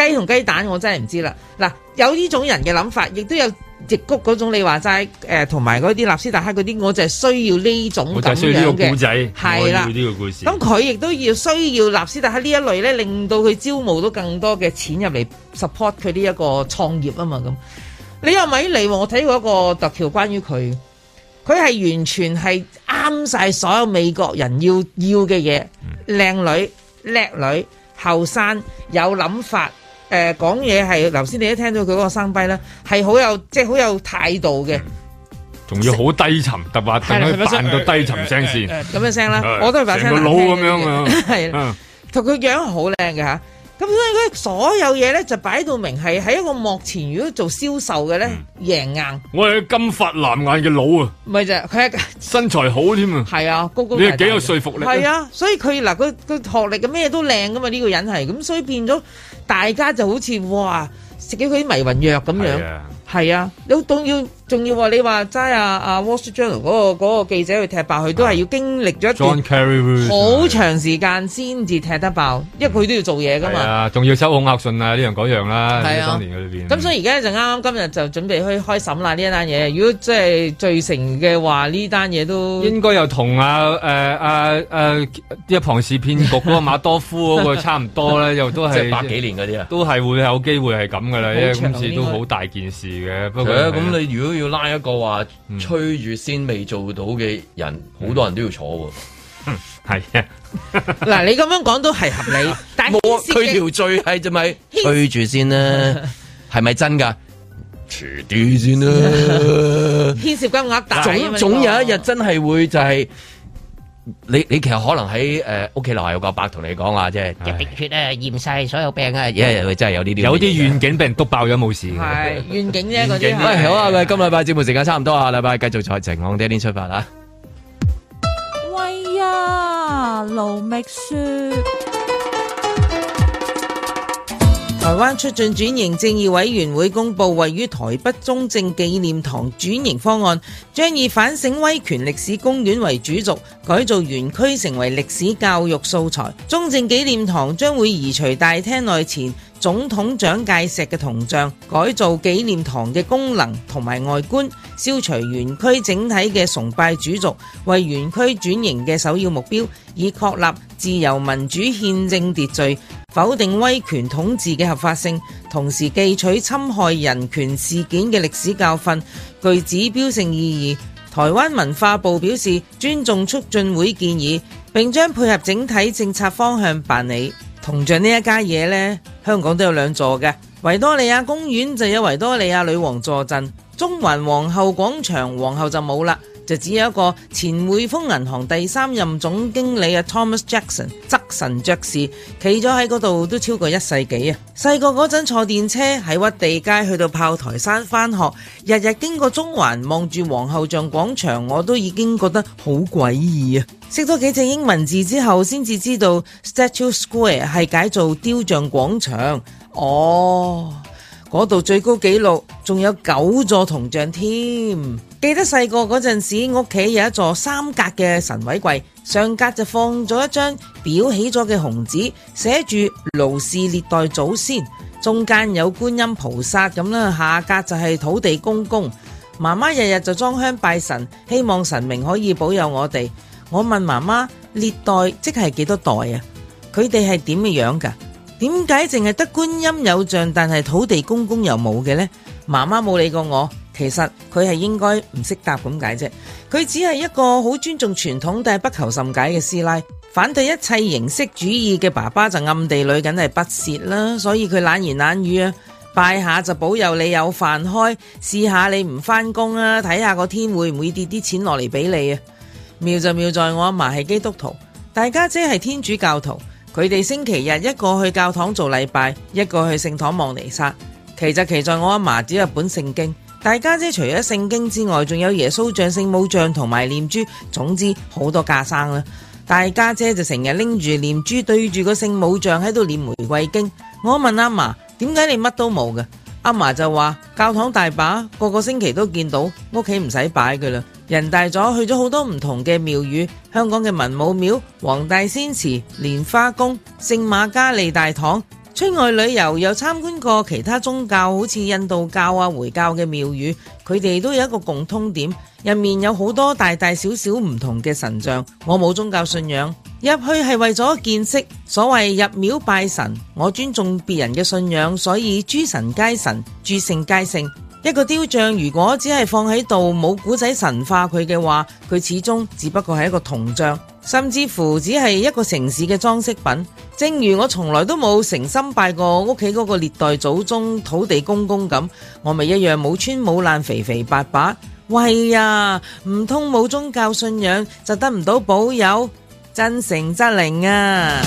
雞同雞蛋，我真係唔知啦。嗱，有呢種人嘅諗法，亦都有。直谷嗰種你話齋，誒、呃，同埋嗰啲納斯達克嗰啲，我就係需要呢種咁樣嘅，係啦，呢個故事。咁佢亦都要需要納斯達克呢一類咧，令到佢招募到更多嘅錢入嚟 support 佢呢一個創業啊嘛咁。你又咪嚟，我睇過一個特條關於佢，佢係完全係啱晒所有美國人要要嘅嘢，靚、嗯、女、叻女、後生、有諗法。誒，講嘢係，頭先你一聽到佢嗰個生輝啦，係好有，即係好有態度嘅，仲要好低沉，特話等佢扮到低沉聲先咁嘅聲啦。我都係把聲佬咁樣啊，係同佢樣好靚嘅吓。咁所以咧，所有嘢咧就擺到明係喺一個幕前，如果做銷售嘅咧，贏硬。我係金髮藍眼嘅佬啊，唔係就佢係身材好添啊，係啊，個個你係幾有說服力，係啊，所以佢嗱佢佢學歷嘅咩都靚噶嘛，呢個人係咁，所以變咗。大家就好似哇，食咗佢啲迷魂藥咁樣，係是啊，啊，你都要。仲要話你話齋啊，阿 Wall Street Journal 嗰個記者去踢爆，佢都係要經歷咗一段好長時間先至踢得爆，因為佢都要做嘢噶嘛。啊，仲要收恐嚇信、這個、啊，呢樣嗰樣啦。係啊，咁所以而家就啱啱今日就準備去開審啦呢一單嘢。如果即係罪成嘅話，呢單嘢都應該又同阿誒阿誒一龐氏騙局嗰個馬多夫嗰個差唔多咧， 又都係百幾年嗰啲啊，都係會有機會係咁噶啦，因為今次都好大件事嘅。不過咁、啊、的的你如果，要拉一個話吹住先未做到嘅人，好、嗯、多人都要坐喎。係啊、嗯，嗱， 你咁樣講都係合理， 但係冇佢條罪係就咪吹住先啦、啊？係咪真噶？遲啲先啦、啊，牽 涉金額大 總，總總有一日真係會就係、是。你你其實可能喺誒屋企樓下有個阿伯同你講話，即係一滴血誒驗晒所有病啊，而真係有呢啲。有啲願景俾人篤爆咗冇事。係願景啫，嗰啲係。喂，好啊，喂的，今禮拜節目時間差唔多啊，禮的拜繼續在晴朗的一天出發啊。喂呀，盧覓雪。台灣促進轉型正義委員會公布位於台北中正紀念堂轉型方案，將以反省威權歷史公園為主軸，改造園區成為歷史教育素材。中正紀念堂將會移除大廳內前總統蔣介石嘅銅像，改造紀念堂嘅功能同埋外觀，消除園區整體嘅崇拜主軸，為園區轉型嘅首要目標，以確立自由民主憲政秩序。否定威權統治嘅合法性，同時記取侵害人權事件嘅歷史教訓，具指標性意義。台灣文化部表示尊重促進會建議，並將配合整體政策方向辦理。銅像呢一家嘢呢，香港都有兩座嘅，維多利亞公園就有維多利亞女王坐鎮，中環皇后廣場皇后就冇啦，就只有一個前匯豐銀行第三任總經理阿 Thomas Jackson。神爵士企咗喺嗰度都超過一世紀啊！細個嗰陣坐電車喺屈地街去到炮台山返學，日日經過中環望住皇后像廣場，我都已經覺得好詭異啊！識咗幾隻英文字之後，先至知道 Statue Square 係解做雕像廣場哦。Oh 嗰度最高紀錄仲有九座銅像添，記得細個嗰陣時，屋企有一座三格嘅神位櫃，上格就放咗一張裱起咗嘅紅紙，寫住盧氏列代祖先，中間有觀音菩薩咁啦，下格就係土地公公。媽媽日日就裝香拜神，希望神明可以保佑我哋。我問媽媽列代即係幾多代啊？佢哋係點嘅樣噶？點解淨係得觀音有像，但係土地公公又冇嘅呢？媽媽冇理過我，其實佢係應該唔識答咁解啫。佢只係一個好尊重傳統但係不求甚解嘅師奶，反對一切形式主義嘅爸爸就暗地裏梗係不屑啦。所以佢懶言懶語啊，拜下就保佑你有飯開，試下你唔返工啊，睇下個天會唔會跌啲錢落嚟俾你啊？妙就妙在我阿嫲係基督徒，大家姐係天主教徒。佢哋星期日一個去教堂做禮拜，一個去聖堂望彌撒。奇就奇在我阿嫲只有本聖經，大家姐除咗聖經之外，仲有耶穌像、聖母像同埋念珠，總之好多架生啦。大家姐就成日拎住念珠對住個聖母像喺度念玫瑰經。我問阿嫲：點解你乜都冇㗎？」阿嫲就話，教堂大把，個個星期都見到，屋企唔使擺噶啦。人大咗去咗好多唔同嘅廟宇，香港嘅文武廟、黃大仙祠、蓮花宮、聖瑪加利大堂。出外旅遊又參觀過其他宗教，好似印度教啊、回教嘅廟宇，佢哋都有一個共通點，入面有好多大大小小唔同嘅神像。我冇宗教信仰。入去係為咗見識，所謂入廟拜神，我尊重別人嘅信仰，所以諸神皆神，諸聖皆聖。一個雕像如果只係放喺度，冇古仔神化佢嘅話，佢始終只不過係一個銅像，甚至乎只係一個城市嘅裝飾品。正如我從來都冇誠心拜過屋企嗰個列代祖宗土地公公咁，我咪一樣冇穿冇爛肥肥白白。喂呀！唔通冇宗教信仰就得唔到保佑？真誠則靈啊。